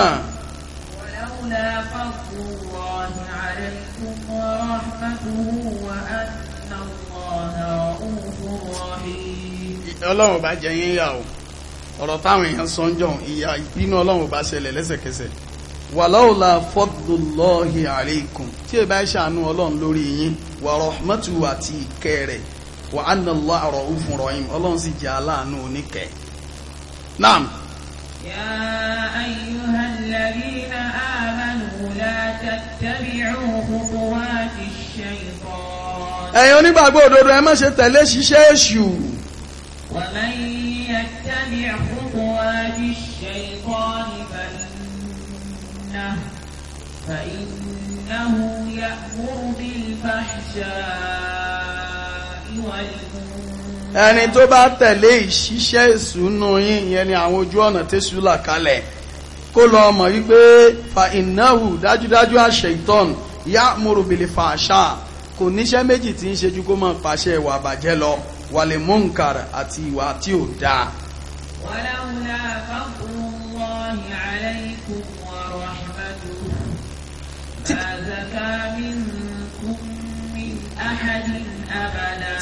ọlọ́run bá jẹ yín yà o ọ̀rọ̀ táwọn èèyàn sọ ń jọun ìyà ìpinnu ọlọ́run ò bá ṣẹlẹ̀ lẹ́sẹ̀kẹsẹ̀ wàláwùlà fọ́dùlọ́hì àríkùn tí ẹ bá ṣàánú ọlọ́run lórí yín wà rọ̀hmọ́tù àti ìkẹ́ rẹ̀ wà á nà lọ àrọ̀ òfin rọ̀yìn ọlọ́run sì jẹ́ aláàánú oníkẹ́. naam. yà á ayúhà lẹ́rìnà àmàlù látàtàbíyàn òkùnkùn wá ti ṣe ìkọ́. ẹ̀yin onígbàgbọ́ òdodo ẹ má فإنه يأمر بالفحشاء والمنكر ẹni tó bá tẹ̀lé ìṣiṣẹ́ ìṣúnú yín ìyẹn ni àwọn ojú ọ̀nà tẹ́sù là kalẹ̀ kó lọ mọ̀ wípé fa ìnáhù dájúdájú àṣẹ ìtọ́n yá múrùbìlì fa àṣà kò níṣẹ́ méjì tí ń ṣe kó máa pàṣẹ ìwà àbàjẹ́ lọ wàlẹ̀ mọ́ǹkàrà àti ìwà tí ò dáa. wàlàhùn náà fàkùn wọ́n ní àlẹ́ ikú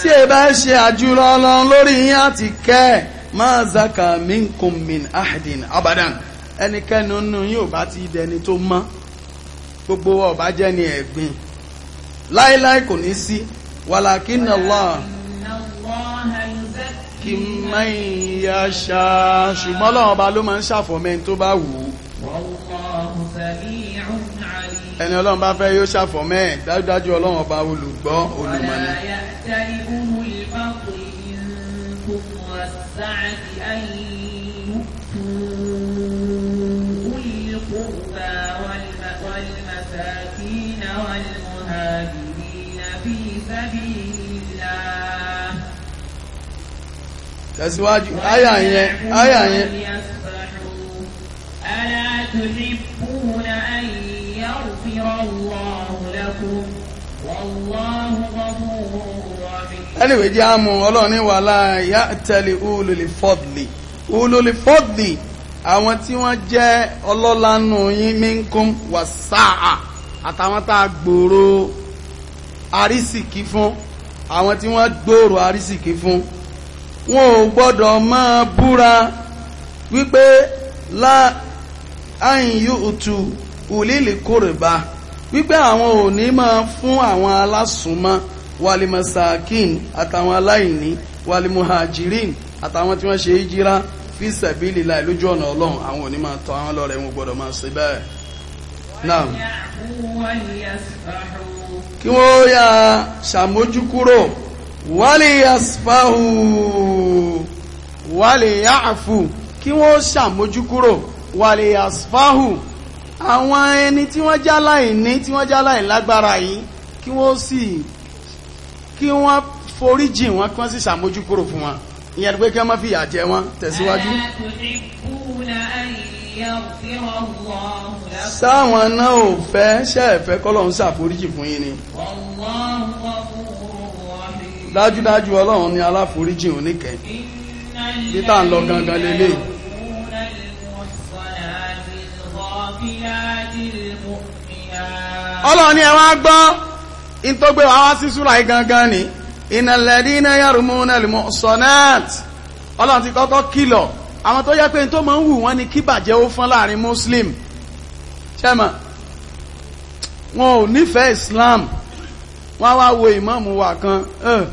tí ẹ bá ṣe àjùlọ ọlọ́run lórí yín àti kẹ́ ẹ̀ máa zaka minkum min ahadin abadan ẹnikẹ́ni nínú yín ò bá ti dẹni tó mọ́ gbogbo ọba jẹ́ ni ẹ̀gbin láíláí kò ní sí walakin Allah kí mẹ́yìn yá ṣá ṣùgbọ́n ọlọ́run ọba ló máa ń ṣàfọ̀mẹ́ni tó bá wù ú ẹni ọlọ́run bá fẹ́ yóò ṣàfọ̀mọ́ ẹ̀ dájúdájú ọlọ́run ọba olùgbọ́ olùmọ̀ni. tẹ̀síwájú àyà yẹn àyà yẹn. anyway jẹ́ àmú ọlọ́run ní wàhálà ìyá tẹ̀lé ulul fadli ulul fadli àwọn tí wọ́n jẹ́ ọlọ́lánú yín minkum wàsáà àtàwọn tá a gbòòrò arísìkí fún àwọn tí wọ́n gbòòrò arísìkí fún wọn ò gbọ́dọ̀ máa búra wípé lá àyìn yóòtú ulil kórèbá wípé àwọn ò ní máa fún àwọn alásùnmọ́ walimasakin àtàwọn aláìní walimuhajirin àtàwọn tí wọ́n ṣe hijira fi sẹ̀bílì láì lójú ọ̀nà ọlọ́run àwọn òní máa tọ́ àwọn lọ́rẹ̀ wọn gbọ́dọ̀ máa ṣe bẹ́ẹ̀ náà kí wọ́n yá ṣàmójú kúrò wálé yasfahu wálé yáàfù kí wọ́n ṣàmójú kúrò wálé yasfahu àwọn ẹni tí wọ́n jáláì tí wọ́n jáláì yìí kí wọ́n sì kí wọ́n foríjì wọn kí wọ́n sì ṣàmójúkúrò fún wọn ìyẹn pé kí wọ́n má fi ìyà jẹ wọn tẹ̀síwájú sáwọn náà ò fẹ́ ṣẹ́ẹ̀fẹ́ kọ́lọ̀un ṣàforíjì fún yín ni dájúdájú ọlọ́run ni aláforíjì ò níkẹ́ títà ń lọ gangan lélẹ̀ ọlọ́run ni ẹ wá gbọ́ in tó gbé wá sí súra gangan ni iná lẹ́dí iná yàrùmú nẹ́lùmọ́ sonnet ọlọ́run ti kọ́kọ́ kìlọ̀ àwọn tó yẹ pé tó máa ń wù wọ́n ni kí bàjẹ́ ó fọ́n láàrin muslim ṣẹ́mọ̀ wọn ò nífẹ̀ẹ́ islam wọ́n wá wo ìmáàmù wa kan eh,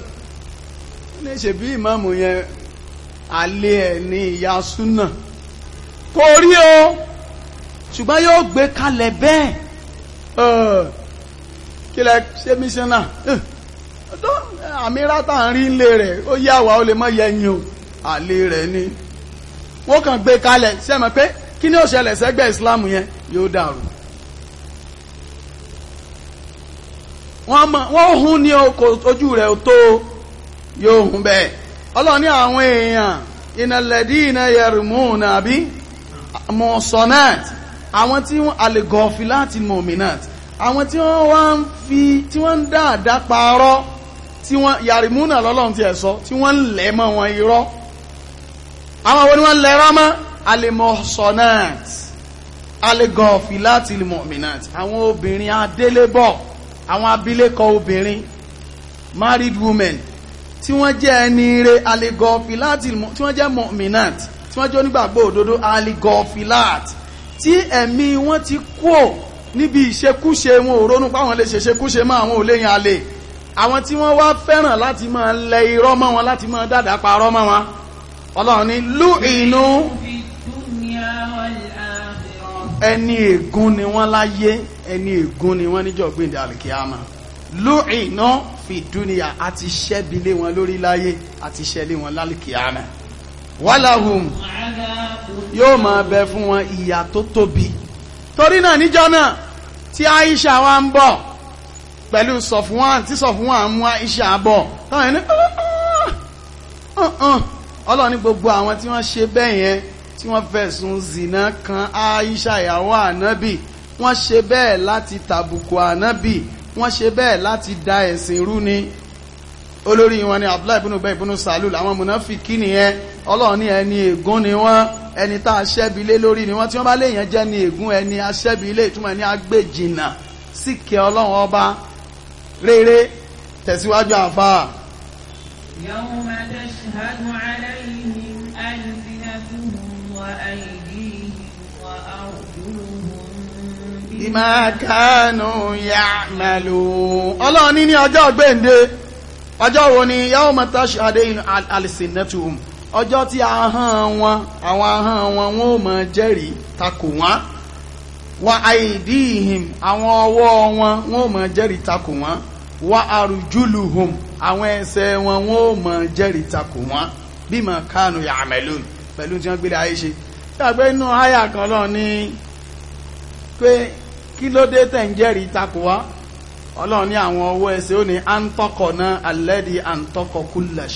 ní ṣe bí ìmáàmù yẹn alẹ́ ẹ̀ ní ìyá súnà kò rí o ṣùgbọ́n yóò gbé kalẹ̀ bẹ́ẹ̀ eh, kílẹ̀ ṣe míṣánná eh, àmì rátà ń rí ilé rẹ̀ ó yá wa ó lè mọ yẹyin o àlè rẹ̀ ni wọ́n kàn gbé kalẹ̀ sẹ́mọ̀ pé kí ni ó ṣẹlẹ̀ sẹ́gbẹ́ ìsìláàmù yẹn yóò dàrú wọ́n hun ní ojú rẹ̀ tó yóò hun bẹ́ẹ̀ ọlọ́run ní àwọn èèyàn ìnàlẹ̀dí iná nàbí mọ̀sánát àwọn tí wọ́n àlègọ́fì láti mọ̀mínàtì àwọn tí wọ́n wá ń fi tí wọ́n ń dáadáa parọ́ tí wọ́n yàrìmúnà lọ́lọ́run ti ẹ̀ sọ tí wọ́n ń lẹ̀ mọ́ wọn irọ́ àwọn wo ni wọ́n lẹ́rọ́ mọ́ alimọ̀sọ̀nàt alegọ̀ọ̀fì láti mọ̀mìnàt àwọn obìnrin adélébọ̀ àwọn abilékọ obìnrin married women tí wọ́n jẹ́ ẹni re alegọ̀ọ̀fì láti tí wọ́n jẹ́ mọ̀mìnàt tí wọ́n jẹ́ onígbàgbọ́ òdodo alegọ̀ọ̀fì láti tí ẹ̀mí wọn ti kú níbi ìṣekúṣe wọn ò ronú páwọn lè ṣeṣekúṣe mọ́ àwọn òléyìn alẹ́ àwọn tí wọ́n wá fẹ́ràn láti máa lẹ irọ́ mọ́ wọn láti máa dàdà parọ́ mọ́ wọn ọlọ́run ni lú ìnú ẹni ègún ni wọ́n láyé ẹni ègún ni wọ́n níjọ́ gbìndé alìkíyàmà lú ìnú fìdúnìyà àti ṣẹ́bilé wọn lórí láyé àti ṣẹ́lé wọn lálìkíyàmà wàláhùn yóò máa bẹ fún wọn ìyà tó tóbi torí náà níjọ́ náà tí Aisha wa ń bọ̀ pẹ̀lú Sọ̀fúnwán tí Sọ̀fúnwán mú Aisha bọ̀ táwọn ẹni ah, ah, ah, ọlọ́run ní gbogbo àwọn tí wọ́n ṣe bẹ́ẹ̀ yẹn tí wọ́n fẹ̀sùn zìnà kan Aisha ìyàwó ànábì wọ́n ṣe bẹ́ẹ̀ láti tàbùkù ànábì wọ́n ṣe bẹ́ẹ̀ láti da ẹ̀sìn rú ni olórí wọn ni Abdullahi ibùnú bẹ́ẹ̀ ibùnú sàlù làwọn mùnà fi kí nìyẹn ọlọ́run ní ẹni ègún ni wọ́n ẹni tá a ṣẹ́bi lé lórí ni wọ́n tí wọ́n bá léèyàn jẹ́ ní ègún ẹni aṣẹ́bi lé ìtumọ̀ ẹni agbèjìnà síkẹ́ ọlọ́run ọba rere tẹ̀síwájú àfà. yawma tashhadu alayhim alsinatuhum wa aydihim wa arjuluhum bima kanu ọlọ́run ní ọjọ́ gbèǹde ọjọ́ wo ni yawma tashhadu alayhim alsinatuhum. ọjọ́ tí ahọ́n wọn àwọn ahọ́n wọn wọn ò mọ̀ jẹ́rìí takò wọn wa àìdíhìm àwọn ọwọ́ wọn wọn ò mọ̀ jẹ́rìí takò wọn wa àrùjúlùhùm àwọn ẹsẹ̀ wọn wọn ò mọ̀ jẹ́rìí takò wọn bí mà kánú pẹ̀lú tí wọ́n gbé ayé ṣe dàgbé inú àyà kan lọ ni pé kí ló dé tẹ̀ ń jẹ́rìí takò ọlọ́run ní àwọn ọwọ́ ẹsẹ̀ ó ní à ń tọkọ̀ náà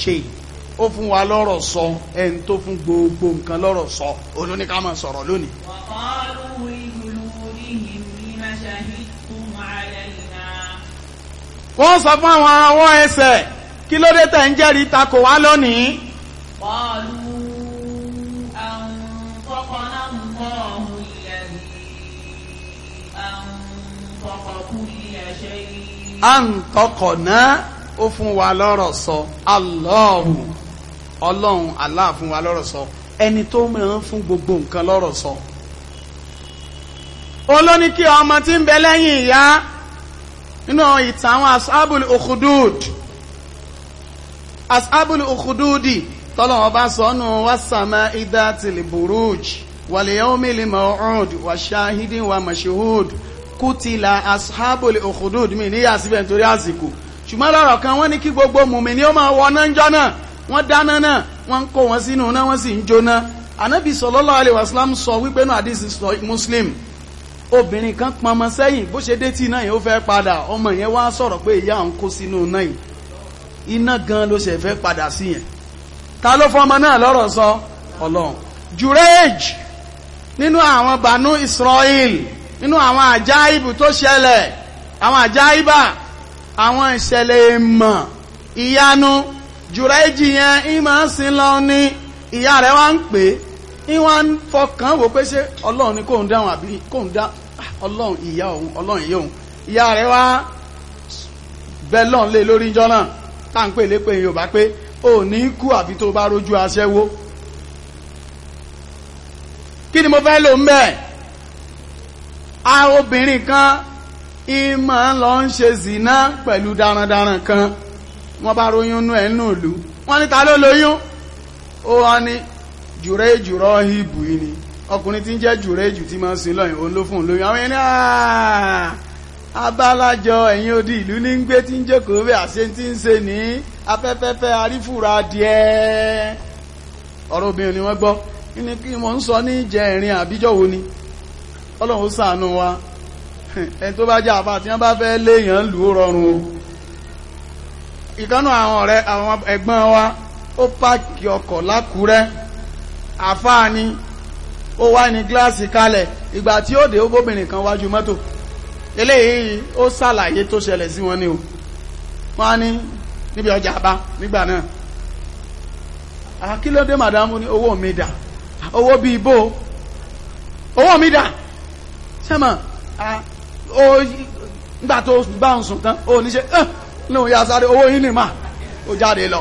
ó fún wa lọ́rọ̀ sọ ẹni tó fún gbogbo nǹkan lọ́rọ̀ sọ olóníká máa sọ̀rọ̀ lónìí. wọ́n sọ fún àwọn àwọn ẹsẹ̀ kí ló dé tẹ̀ ń jẹ́rìí takò wá lónìí. pọ́ọ̀lù ń tọkọ̀ náà ó fún wa lọ́rọ̀ sọ Allahu ọlọ́run Allah fún wa lọ́rọ̀ sọ ẹni tó máa ń fún gbogbo nǹkan lọ́rọ̀ sọ olóní kí ọmọ tí ń bẹ lẹ́yìn ìyá nínú ìtàn àwọn asábùlù òkúdùd asábùlù òkúdùdì tọ́lọ́wọ́n bá sọ nù wàsàmà ìdá tìlìbùrúj wàlẹ̀yọ́mìlì mọ̀ọ́d wàṣáhídìn wà mọ̀ṣẹ́hód kútìlà asábùlù òkúdùd mi níyà síbẹ̀ nítorí àsìkò ṣùgbọ́n lọ́rọ̀ kan wọ́n ní kí gbogbo mùmí ni ó máa wọ náà jọ náà wọ́n dáná náà wọ́n ń kó wọn sínú náà wọ́n sì ń jóná anabi sallallahu alaihi wasallam sọ wípé náà àdìsí sọ muslim obìnrin kan pọnmọ sẹ́yìn bó ṣe dé tí iná yìí ó fẹ́ padà ọmọ yẹn wá sọ̀rọ̀ pé ìyá òun kó sínú náà yìí iná gan ló ṣe fẹ́ padà sí yẹn ta ló fọmọ náà lọ́rọ̀ sọ Ọlọ́run jurej nínú àwọn banu israel nínú àwọn àjáìbù tó ṣẹlẹ̀ àwọn àjáìbà àwọn ìṣẹ̀lẹ̀ èèmọ̀ ìyanu jùrẹ́jì yẹn ìmọ̀ ń sin lọ ní ìyá rẹ̀ wá ń pè é ìwọ̀n ń fọkàn wò pé ṣé ọlọ́run ni kò ń dáhùn àbí kò ń dá ah, ọlọ́run ìyá òun ọlọ́run ìyá òun ìyá rẹ̀ wá bẹ́ẹ̀ lọ́n lé lórí ìjọ náà tá ń pè lépè yorùbá pé ò ní kú àbí tó bá rójú aṣẹ́wó kí ni mo fẹ́ lò ń bẹ̀ a obìnrin kan ìmọ̀ ń lọ ń ṣe zìnà pẹ̀lú darandaran kan wọ́n bá ròyìn nú ẹ̀ nù ìlú wọ́n ní ta ló lóyún ó wá ní jùrẹ́ jùrọ́ hìbù yìí ni ọkùnrin tí ń jẹ́ jùrẹ́ jù tí máa ń sin lọ́yìn òun ló fún un lóyún àwọn ẹni abálájọ ẹ̀yìn odi ìlú ní ń gbé tí ń jókòó bẹ́ẹ̀ àṣẹ tí ń ṣe ní afẹ́fẹ́fẹ́ arífùrà díẹ̀ ọ̀rọ̀ obìnrin ni wọ́n gbọ́ ní kí wọ́n ń sọ ní jẹ ìrìn àbíjọ́ wo ni ọlọ́run ó wa ẹni tó bá jẹ́ àbá tí wọ́n bá fẹ́ léèyàn lù ú rọrùn o ìkànnù àwọn ọ̀rẹ́ àwọn ẹ̀gbọ́n wa ó páàkì ọkọ̀ lákùúrẹ́ àfáà ni ó wá ní gíláàsì kalẹ̀ ìgbà tí ó dé ó bóbìnrin kan wájú mọ́tò eléyìí ó ṣàlàyé tó ṣẹlẹ̀ sí wọn ni o wọ́n á ní níbi ọjà àbá nígbà náà àkílódé màdámù ní owó mi dà owó bí ibò owó mi dà sẹ́mọ̀ nígbà tó bá ń sùn tán ó níṣẹ́ lóun yá sáré owó yín nìmá ó jáde lọ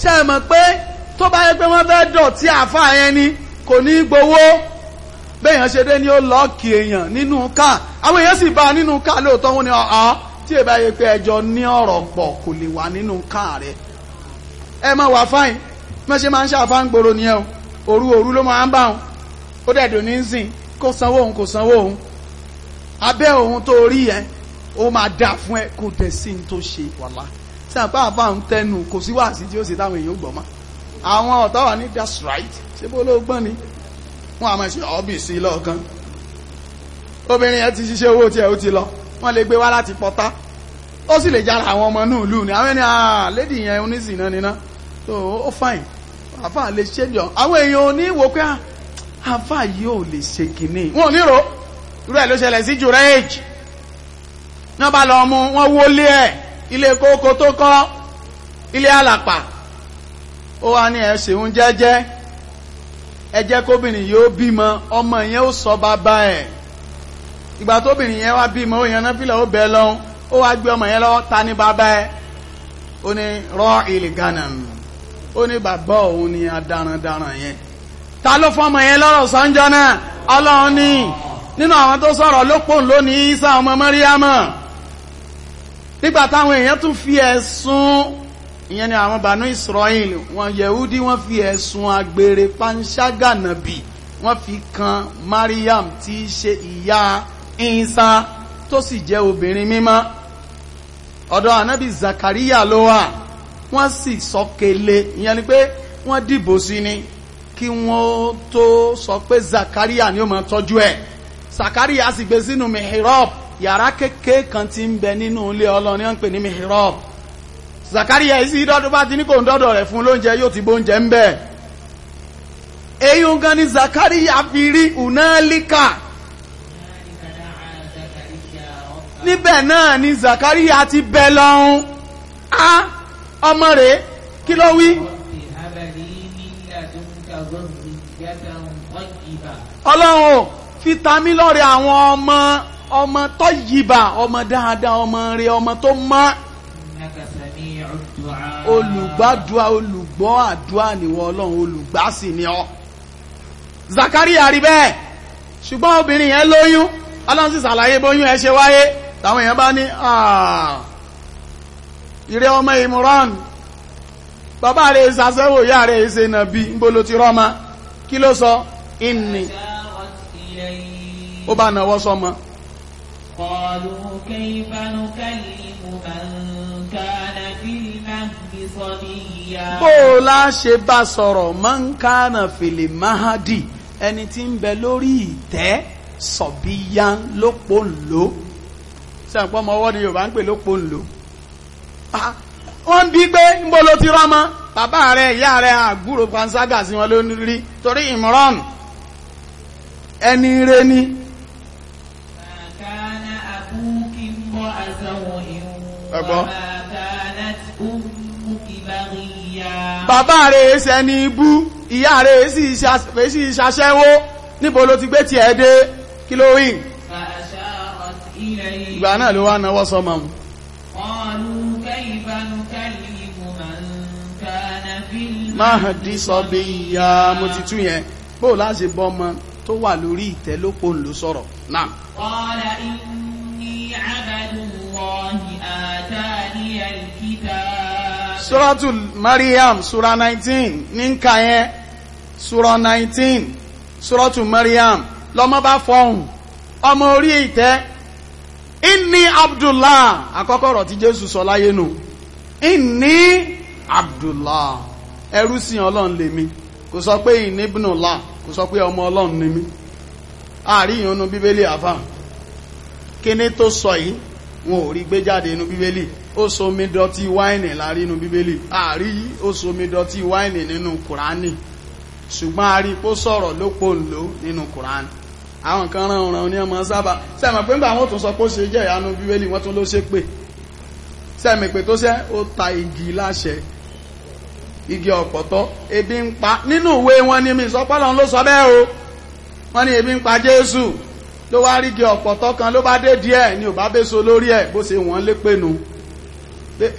ṣe é mọ̀ pé tó bá yẹ pé wọ́n fẹ́ dọ̀tí àáfà yẹn ni kò ní gbowó béèyàn ṣe dé ní ó lọ́ọ̀kì èèyàn nínú ká àwọn èèyàn sì bá a nínú ká lóòótọ́ wọn ni ọ̀hán tí èèyàn bá yẹ pé ẹjọ́ ní ọ̀rọ̀ pọ̀ kò lè wà nínú ká rẹ̀ ẹ mọ̀ wá fáìn mọ̀ ṣe máa ń ṣàfà ń gbòòrò nìyẹn o òru òru ló máa ń bá wọn ó dẹ̀ dùn ní sìn kó sanwó òun kò sanwó òun abẹ́ òun tó rí yẹn ó máa dáa fún ẹ kò dẹ̀ sí ní tó ṣe wàlá sí àpá àbá ń tẹnu kò sí wáàsí tí ó ṣe táwọn èèyàn gbọ́n mọ́ àwọn ọ̀tá wà ní that's right ṣé bó ló gbọ́n ni wọ́n àmọ́ ṣe ọ́bì sí lọ́ọ̀kan obìnrin yẹn ti ṣiṣẹ́ owó tiẹ̀ ó ti lọ wọ́n lè gbé wá láti pọ́tá ó sì lè jára àwọn ọmọ náà lù ní àwọn ẹni àlédì ah, yẹn oníṣìná níná tó ó fàìn àfà lè ṣe jọ àwọn èèyàn ò ní wò pé ah, àfà yìí ò lè ṣe kìíní wọn ò ní rò irú ẹ̀ ló ṣẹlẹ̀ sí jùrẹ́ẹ̀jì wọ́n bá lọ mú wọ́n wólé ẹ̀ ilé kókó tó kọ́ ilé àlàpà ó wá ní ẹ ṣeun jẹ́jẹ́ ẹ jẹ́ kóbìnrin yìí ó bímọ ọmọ yẹn ó sọ bàbá ẹ̀ ìgbà tóbìnrin yẹn wá bímọ ó yan náfìlà ó bẹ̀ lọ́hún ó wá gbé ọmọ yẹn lọ́wọ́ ta ní bàbá ẹ̀ ó ní rọ́ ìlìgànà ó ní bàbá òun ni adarandaran yẹn ta ló fọmọ yẹn lọ́rọ̀ sọ́njọ́ náà ọlọ́run ní nínú àwọn tó sọ̀rọ̀ ló pòun lónìí Isa ọmọ Mọ́ríámọ̀ nígbà táwọn èèyàn tún fi ẹ̀sùn ìyẹn ni àwọn bànú Israel wọn Yehudi wọ́n fi ẹ̀sùn agbèrè panṣágànàbì wọ́n fi kan Mariam tí í ṣe ìyá Isa tó sì jẹ́ obìnrin mímọ́ ọ̀dọ̀ ànábì Zakaria ló wà wọ́n sì sọkele ìyẹn ni pé wọ́n dìbò sí ni kí wọ́n tó sọ pé Zakaria ni ó máa tọ́jú ẹ̀ Zakaria sì gbé sínú mihrab yàrá kékeré kan tí ń bẹ nínú ilé ọlọ́ni ó ń pè ní mihrab Zakaria isi dọ́dún bá ti ní kò ń dọ́dọ̀ rẹ̀ fún lóúnjẹ yóò ti bóúnjẹ ń bẹ̀ eyín gan ni Zakaria fi rí unalika níbẹ̀ náà ni Zakariya ti bẹ lọ́hún a ọmọ rẹ̀ kí ló wí. ọlọ́run fi ta mí lọ́rẹ̀ àwọn ọmọ ọmọ tó yíba ọmọ dáadáa ọmọ rẹ ọmọ tó mọ́ olùgbàdúà olùgbọ́ àdúà nìwọ ọlọ́run olùgbà sì ni ọ Zakaria rí bẹ́ẹ̀ ṣùgbọ́n obìnrin yẹn lóyún ọlọ́run sì ṣàlàyé bóyún ẹ ṣe wáyé táwọn èèyàn bá ní ìrẹ́ ọmọ Imran bàbá rẹ̀ ṣàṣẹ́wò ìyá rẹ̀ ṣe nàbí gbolo ti rọ́mọ kí ló sọ ìní ó bá nàwọ́ sọmọ قالوا كيف نكلم من كان في المهد صبيا bó la ṣe من كان في المهد ẹni tí ń bẹ lórí ìtẹ́ sọ̀bíyá lópò ńlò sẹ́ǹpọ́ ọmọ ọwọ́ ni Yorùbá ń pè lópò ńlò ah, wọ́n ń bí pé ń bó ló ti rọ́mọ́ bàbá rẹ̀ ìyá rẹ̀ àgbúrò panṣágà sí wọn ló rí torí ìmọ̀ràn ẹni rẹ̀ ni ẹ̀gbọ́n. bàbá rẹ̀ ṣe ní ibú ìyá rẹ̀ sì ṣaṣẹ́wó níbo ló ti gbé tiẹ̀ dé kí ló wí. ìgbà náà ló wá náwó sọmọ mu. máa dí sọ bí ìyá mo ti tún yẹn bóò láti bọ́ ọmọ tó wà lórí ìtẹ́ ń lò sọ̀rọ̀ náà. qala inni الله Maryam, Surah سورة مريم سورة 19 نينكاية Surah 19 سورة Maryam. lọ́mọ bá fọhùn ọmọ orí ìtẹ́ inni abdullah àkọ́kọ́ ọ̀rọ̀ tí jésù sọ láyé nù inni abdullah ẹrú sí ọlọ́run lèmi kò sọ pé inni ibnullah kò sọ pé ọmọ ọlọ́run ni mí àárí ìyọnu bíbélì àfà kíní tó sọ yìí wọn ò rí gbé jáde inú bíbélì ó somi dọ̀tí wáìnì lárí inú bíbélì àrí ó somi dọ̀tí wáìnì nínú kùránì ṣùgbọ́n a rí pó sọ̀rọ̀ lópòǹlò nínú kùránì àwọn kan ràn ọ̀ràn ní ọmọ sábà sẹ́mi pé nígbà wọn tún sọ pé ó ṣe jẹ́ ìyanu bíbélì wọ́n tún ló ṣe pé sẹ́mi pé tó ṣe ó ta igi láṣẹ igi ọ̀pọ̀tọ́ ebi ń pa nínú ìwé wọn ni mi sọ pé Ọlọ́run ló sọ bẹ́ẹ̀ o wọ́n ní ebi ń pa Jésù ló wá rígi ọ̀pọ̀tọ́ kan ló bá dé díẹ̀ ni ò bá béso lórí ẹ̀ bó ṣe wọ́n lépenu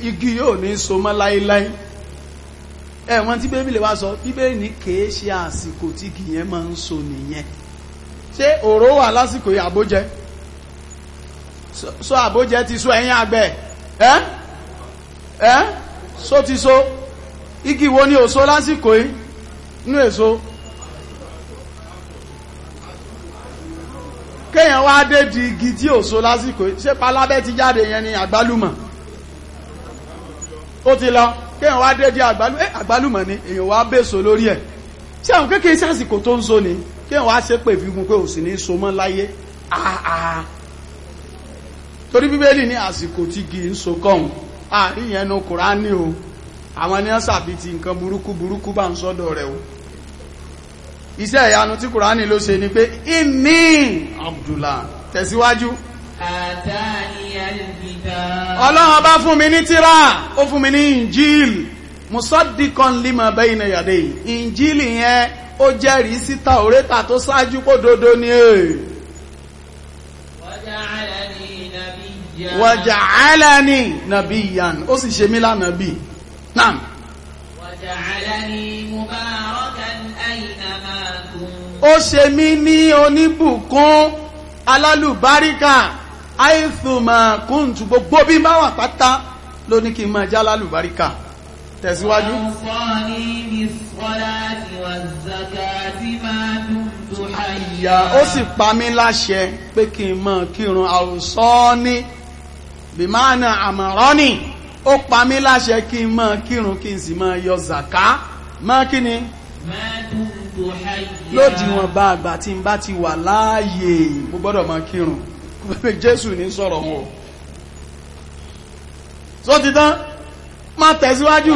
igi yóò ní so mọ́ láíláí ẹ̀wọ̀n tí bébìlì wá sọ bíbélì ní kèé ṣe àsìkò tí igi yẹn máa ń so nìyẹn ṣé òró wà lásìkò àbójẹ so àbójẹ ti so ẹ̀yìn àgbẹ̀ ẹ́ ẹ́ so ti so igi wo ni ò so lásìkò yìí nú èso kéèyàn wá dé di igi tí ò so lásìkò ṣé palábẹ́ ti jáde yẹn ni àgbálùmọ̀ ó ti lọ kéèyàn wá dé di eh, àgbálùmọ̀ ni èèyàn wá bèso lórí ẹ̀ ṣé àwọn kéèkéé sásìkò tó ń so ni kéèyàn wá ṣe pè fígun pé ò sì ní so mọ́ láyé àà torí bíbélì ní àsìkò tí igi ń so kọ́hùn àárín yẹn nu Kùránì o àwọn ni wọ́n sàbí ti nǹkan burúkú burúkú bá ń sọ́dọ̀ rẹ̀ o iṣẹ́ ìyanu tí kùránì ló ṣe ni pé imi abdullah tẹ̀síwájú ọlọ́run bá fún mi ní tíra ó fún mi ní injil musaddiqan lima bayna yadayhi injil yẹn ó jẹ́rìí sí Taurata tó ṣáájú kó dodo ni e waja'alani nabiyyan ó sì ṣe mí lánàbí náà waja'alani mubarakan ó ṣe mí ní oníbùkún alálùbáríkà àìsùnmọ̀ kúntù gbogbo bí bá wà pátá ló ní kí n máa jẹ́ alálùbáríkà tẹ̀síwájú. ó sì pa mí láṣẹ pé kí n máa kírun àwùsọ́ọ́ni bìmánà àmọ̀rọ́nì ó pa mí láṣẹ kí n máa kírun kí n sì máa yọ zàká máa kí ni. máa lódiwọ̀n bá àgbà tí n bá ti wà láàyè mo gbọ́dọ̀ máa kírun jésù ní sọ̀rọ̀ wọn o so ti tán má tẹ̀síwájú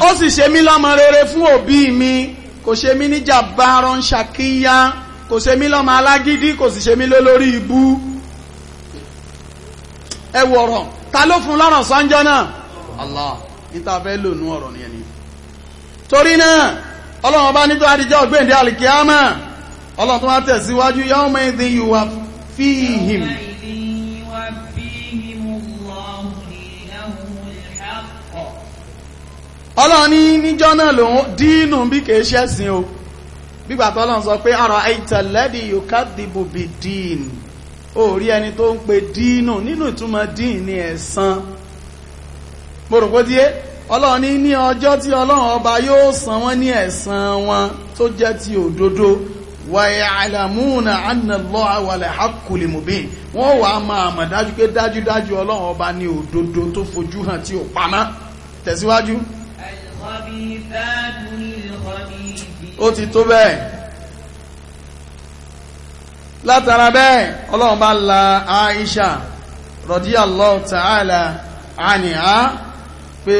ó sì ṣe mí lọ́mọ rere fún òbí mi kò ṣe mí ní jàbárán ṣàkíyá kò ṣe mí lọ́mọ alágídí kò sì ṣe mí lólórí ibú ẹ wọ̀rọ̀ ta ló fún lọ́rọ̀ sọ́njọ́ náà Allah níta fẹ́ lò nú ọ̀rọ̀ nìyẹn ni torí náà ọlọ́run ọba nítorí àdìjọ́ ọ̀gbẹ́ǹdé alìkíámà ọlọ́run tó wá tẹ̀síwájú yawma idhin yuwaffihim ọlọ́run ní níjọ́ náà lòun dínú bí kìí ṣẹ̀sìn o bí gbàtọ́ ọlọ́run sọ pé ara ẹ̀tẹ̀lẹ́dì yóò kádìbò bìdínì orí ẹni tó ń pe dínú nínú ìtumọ̀ dín ní ẹ̀san mo ní ọjọ́ tí ọlọ́run ọba yóò san wọ́n ní ẹ̀san wọn tó jẹ́ ti òdodo wàyà àlàmúnà ànàlọ́ àwàlẹ̀ àkùlì mùbí wọ́n wà á máa mọ̀ dájú pé dájúdájú ọlọ́run ọba ní òdodo tó fojú hàn tí ò tẹ̀síwájú. ó ti tó bẹ́ẹ̀ látara bẹ́ẹ̀ ọlọ́run bá la Aisha radiyallahu ta'ala àníhá pé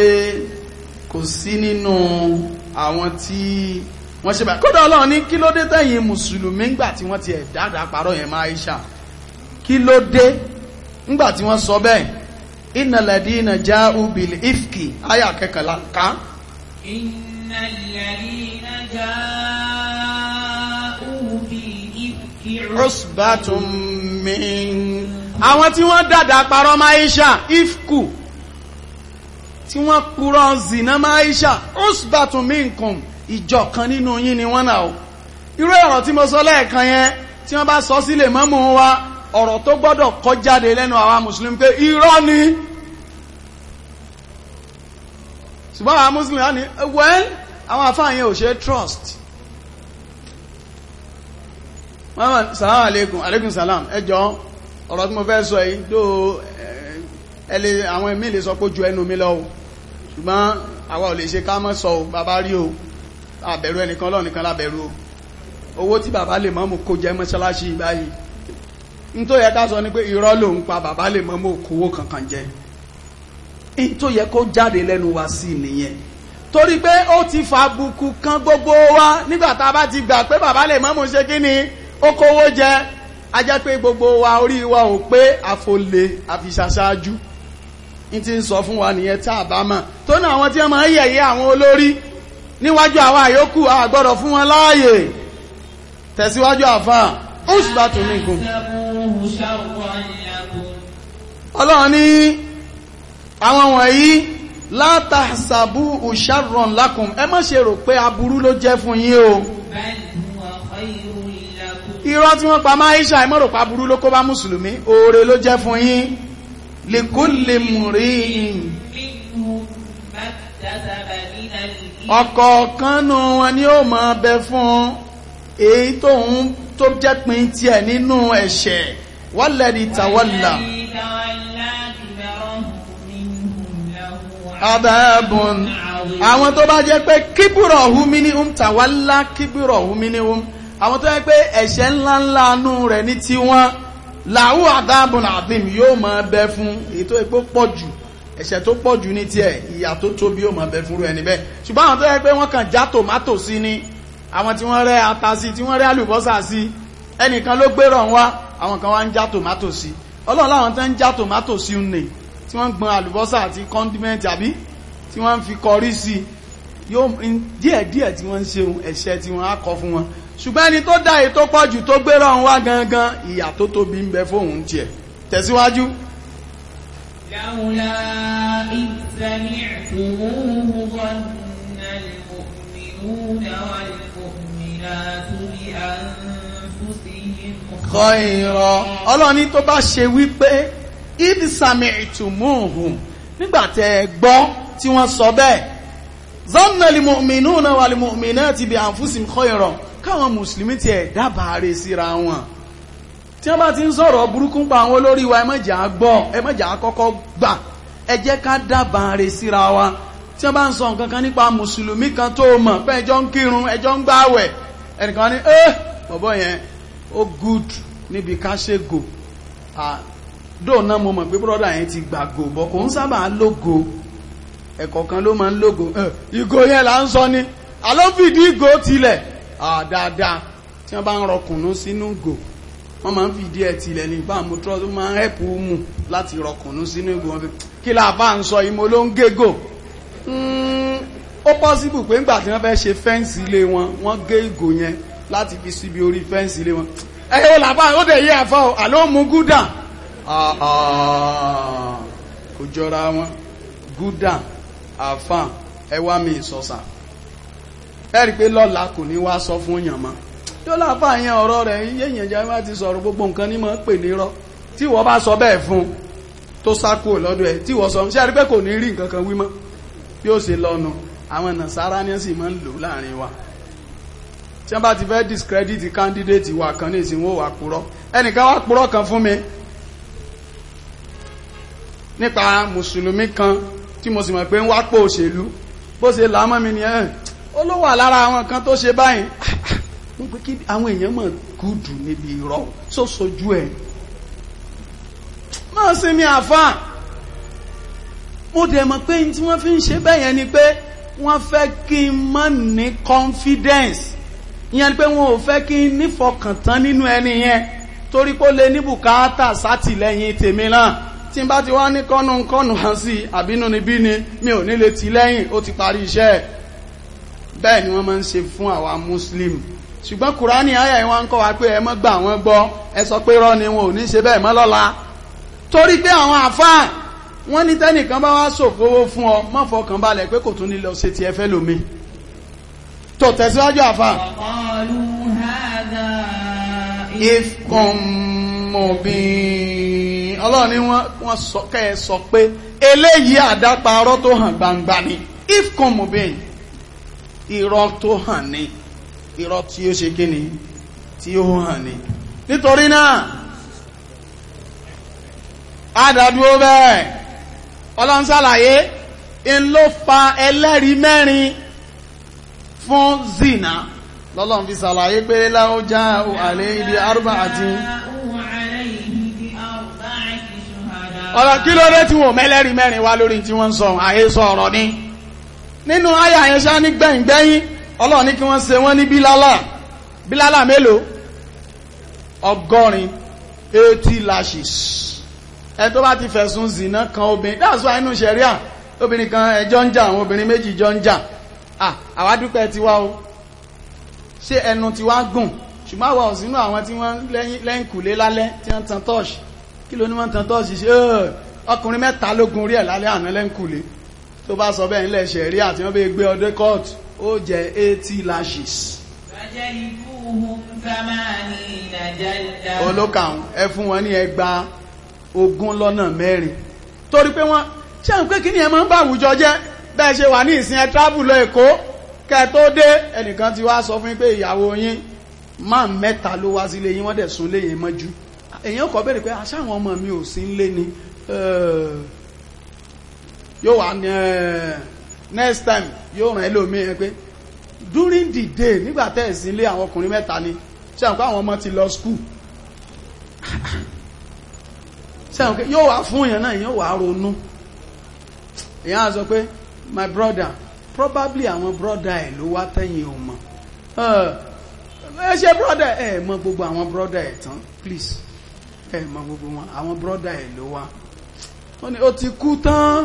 kò sí nínú àwọn tí wọ́n ṣe báyìí kódà ọlọ́run ní kí ló dé tẹ̀yìn mùsùlùmí ńgbà tí wọ́n ti ẹ̀ dáadáa parọ́ yẹn má Aisha kí ló dé ńgbà tí wọ́n sọ bẹ́ẹ̀ ìnàlẹ̀dínà já ubil ifki ayà kẹkànlá ká ìnàlẹ̀dínà já usbatun min àwọn tí wọ́n dàdà parọ́ maisha ifku tí wọ́n purọ́ zina maisha usbatun minkum ìjọ kan nínú yín ni wọ́n náà o irú ọ̀rọ̀ tí mo sọ lẹ́ẹ̀kan yẹn tí wọ́n bá sọ sílẹ̀ mọ́mú wa ọ̀rọ̀ tó gbọ́dọ̀ kọ́ jáde lẹ́nu àwa mùsùlùmí pé irọ́ ni ṣùgbọ́n àwa mùsùlùmí á ní well àwọn àfáà yẹn ò ṣe trust mama salaam aleikum aleikum salam ẹjọ́ ọ̀rọ̀ tí mo fẹ́ sọ yìí tó ẹlẹ́ àwọn ẹ̀mí lè sọ pé ju ẹnu mi lọ o ṣùgbọ́n àwa ò lè ṣe ká mọ́ sọ o bàbá rí o àbẹ̀rù ẹnìkan lọ́nìkan lábẹ̀rù o owó tí bàbá lè mọ́mù kó jẹ mọ́ṣáláṣí báyìí n tó yẹ ká sọ ni pé irọ́ ló ń pa bàbá lè mọ́mù kówó kankan jẹ n tó yẹ kó jáde lẹ́nu wa sí nìyẹn torí pé ó ti fa buku kan gbogbo wa nígbà tá a bá ti gbà pé bàbá lè mọ́mù ṣe kí ni ó kówó jẹ ajá pé gbogbo wa orí wa ò pé àfòlè àfiṣàṣáájú ní ti ń sọ fún wa nìyẹn tá a bá mọ̀ tó ní àwọn tí wọ́n máa ń yẹ̀yẹ́ àwọn olórí níwájú àwọn àyókù a gbọ́dọ̀ fún wọn láàyè tẹ̀síwájú àfà usbatu minkum ọlọ́run ní àwọn wọ̀nyí la tahsabu sharran lakum ẹ má ṣe rò pé aburú ló jẹ́ fún yín o irọ́ tí wọ́n pa máa Aisha ìmọ̀rò pa burú ló kó bá mùsùlùmí oore ló jẹ́ fún yín lè kó lè mú rí yín. ọ̀kọ̀ọ̀kan nu wọn ni ó máa bẹ fún èyí tóun tó jẹ́ pin tiẹ̀ nínú ẹ̀ṣẹ̀ walladhi tawalla. adabun àwọn tó bá jẹ́ pé kíbùrọ̀ hùmí ni ń kíbùrọ̀ hùmí ni ń àwọn tó yẹ pé ẹ̀ṣẹ̀ ńláńlá anú rẹ̀ ní tiwọn làwù àdáàbò nàbìm yóò máa bẹ fún ètò epo pọ̀ jù ẹ̀ṣẹ̀ tó pọ̀ jù ní tiẹ̀ ìyà tó tóbi yóò máa bẹ fún ẹni bẹ́ẹ̀ ṣùgbọ́n àwọn tó yẹ pé wọ́n kàn já tòmátò sí ni àwọn tí wọ́n rẹ́ ata sí tí wọ́n rẹ́ àlùbọ́sà sí ẹnìkan ló gbérọ̀ wá àwọn kan wá ń já tòmátò sí ọlọ́run láwọn tó ń já tòmátò sí ń nè tí wọ́n gbọn àlùbọ́sà ṣùgbọ́n ẹni tó dá èyí tó pọ̀ jù tó gbéra òun wá gangan ìyà tó tóbi ń bẹ fóun tiẹ̀ tẹ̀síwájú. لولا إذ خيرا ọlọ́ni tó bá ṣe wípé إذ سمعتموهم nígbà tẹ́ ẹ gbọ́ tí wọ́n sọ bẹ́ẹ̀ ظن المؤمنون والمؤمنات بأنفسهم خيرا káwọn mùsùlùmí ti ẹ̀ dábàá re síra wọn tí wọ́n bá ti ń sọ̀rọ̀ burúkú pa àwọn olórí wa ẹ má jẹ́ á gbọ́ ẹ má jẹ́ á kọ́kọ́ gbà ẹ jẹ́ ká dábàá re síra wa tí wọ́n bá ń sọ nǹkan kan nípa mùsùlùmí kan tó mọ̀ pé ẹjọ́ ń kírun ẹjọ́ ń gbáwẹ̀ ẹnìkan ní ẹ́ eh, bọ̀bọ̀ yẹn ó good níbi ká ṣe gò dóòna mo mọ̀ pé brọ́dà yẹn ti gbàgò bọ̀ kò ń sábà lógo ẹ̀kọ̀ọ̀kan ló máa ń lógo eh, ìgò yẹn là ń sọ ni àló fìdí ìgò tilẹ̀ dáadáa tí wọ́n bá ń rọkùnú sínú gò wọ́n máa ń fìdí ẹ̀ tilẹ̀ ní ìbá mú trọ́ tó máa ń ẹ̀pù mù láti rọkùnú sínú gò wọn fi kí láàbá ń sọ ìmọ̀ ló ń gégò hmm, ó pọ́sibù pé ńgbà tí wọ́n fẹ́ ṣe fẹ́ǹsì ilé wọn wọ́n gé ìgò yẹn láti fi síbi orí fẹ́ǹsì ilé wọn ẹ̀yẹ́ ó làbá ó dẹ̀ yé àfọ́ àló mú gúdà kò jọra wọn gúdà àfà ẹwà mi ìsọ̀sà ẹ̀rí pé lọ́la kò ní wá sọ fún yàn mọ́ dọ́là fààyàn ọ̀rọ̀ rẹ̀ yéèyàn jẹ́ wá ti sọ̀rọ̀ gbogbo nǹkan ní mọ́ pè ní rọ́ tí wọ́n bá sọ bẹ́ẹ̀ fún tó sákò lọ́dọ̀ ẹ̀ tí wọ́n sọ ṣé ẹ̀rí pé kò ní rí nǹkan kan wí mọ́ bí ó ṣe lọ́nu àwọn nàṣàrà ni sì máa ń lò láàrin wa tí wọ́n bá ti fẹ́ discredit candidate wa kan ní ìsìn wọ́n wà ẹnìkan wá purọ́ kan fún mi nípa mùsùlùmí kan tí mo sì mọ̀ pé ń wá pò òṣèlú bó ṣe làámọ́ mi ni ẹ̀ ó ló wà lára àwọn kan tó ṣe báyìí mo pé kí àwọn èèyàn mọ̀ gúdù níbi irọ́ tó sojú ẹ̀ máa sinmi àfáà mo dẹ̀ mọ̀ pé tí wọ́n fi ń ṣe bẹ́yẹn ni pé wọ́n fẹ́ kí n mọ̀ ní confidence ìyẹn ni pé wọn ò fẹ́ kí n nífọkàntán nínú ẹni yẹn torí pé ó lè ní bùkátà sátìlẹ́yìn tèmi náà tí n bá ti wá ní kọ́nu hàn sí àbínú níbí ni mi ò ní lè tì lẹ́yìn ó ti parí iṣẹ́ ẹ̀ bẹ́ẹ̀ ni wọ́n máa ń ṣe fún àwa muslim ṣùgbọ́n kùránì àyà yìí wọ́n kọ́ wa pé ẹ mọ́ gbà wọ́n gbọ́ ẹ sọ pé rọ́ ni wọn ò ní ṣe bẹ́ẹ̀ mọ́ lọ́la torí pé àwọn àfáà wọ́n ní tẹ́nìkan bá wá ṣòkòwò fún ọ má fọkàn balẹ̀ pé kò tún ní lọ ṣe ti ẹfẹ́ lómi tó tẹ̀síwájú àfáà. ifkun mubin ọlọ́run ni wọ́n sọ kẹ́ ẹ sọ pé eléyìí àdáparọ́ tó hàn gbangba ni ifkun mubin irọ́ tó hàn ní irọ́ tí ó ṣe kíni tí ó hàn ní nítorí náà adàdúró bẹ́ẹ̀ ọlọ́nsàlàyé in ló fa ẹlẹ́rìí mẹ́rin fún zina lọ́lọ́n fi sàlàyé pé láójá àlẹ́ ibi arúbà àti ọ̀rọ̀ kí ló dé tí wọ́n mẹ́lẹ́rìí mẹ́rin wá lórí tí wọ́n ń sọ ọ̀rọ̀ ní nínú àyà yẹn ṣá ní gbẹ̀yìngbẹ̀yìn ọlọ́run ní kí wọ́n ṣe wọ́n ní bílálà bílálà mélòó ọgọ́rin eighty lashes ẹ tó bá ti fẹ̀sùn zìnà kan obìnrin that's why inú ṣẹ̀ríà obìnrin kan ẹjọ́ ń jà àwọn obìnrin méjì jọ ń jà àwa dúpẹ́ tiwa o ṣé ẹnu tiwa gùn ṣùgbọ́n àwa òsínú àwọn tí wọ́n lẹ́yìnkùlé lálẹ́ tí wọ́n tan tọ́ọ̀ṣì kí ló ní wọ́n tan tọ́ọ̀ṣì ṣe ọkùnrin mẹ́ta lógun rí ẹ̀ lálẹ́ àná lẹ́yìnkùlé tó bá sọ bẹ́ẹ̀ nílẹ̀ ṣẹ̀rí àti wọ́n bẹ́ẹ̀ gbé ọdẹ court ó jẹ́ eighty lashes. olókàún ẹ fún wọn ní ẹgbàá ogún lọ́nà mẹ́rin torí pé wọ́n ṣe ń pé kí ni ẹ máa ń bá àwùjọ jẹ́ bẹ́ẹ̀ ṣe wà ní ìsìn ẹ travel lọ Èkó kẹ́ tó dé ẹnìkan ti wá sọ fún yín pé ìyàwó yín máa mẹ́ta ló wá sílé yín wọ́n dẹ̀ sún lé yín mọ́jú èèyàn kọ́ bẹ̀rẹ̀ pé aṣáwọn ọmọ mi ò sí ń lé ni yóò wà ní next time yóò ràn ẹlòmíì pé during the day nígbà tẹ́ ẹ̀sìn ilé àwọn ọkùnrin mẹ́ta ni ṣe àwọn àwọn ọmọ ti lọ school ṣe àwọn yóò wà fún èèyàn náà yóò wà ronú èèyàn á sọ pé my brother probably àwọn brother ẹ̀ ló wá tẹ̀yìn ò mọ̀ ẹ ṣe brother ẹ mọ gbogbo àwọn brother ẹ̀ tán please ẹ mọ gbogbo wọn àwọn brother ẹ̀ ló wá wọ́n ó ti kú tán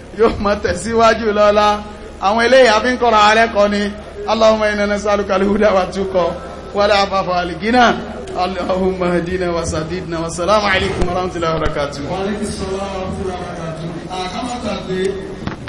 yóò mọ̀ tẹ̀síwájú lọ́la àwọn eléyìí àfi ń kọ́ra alẹ́kọ́ ni allahumma inna nas'aluka al-huda wa tuqa wa la afafa al-ghina allahumma hadina wa sadidna wa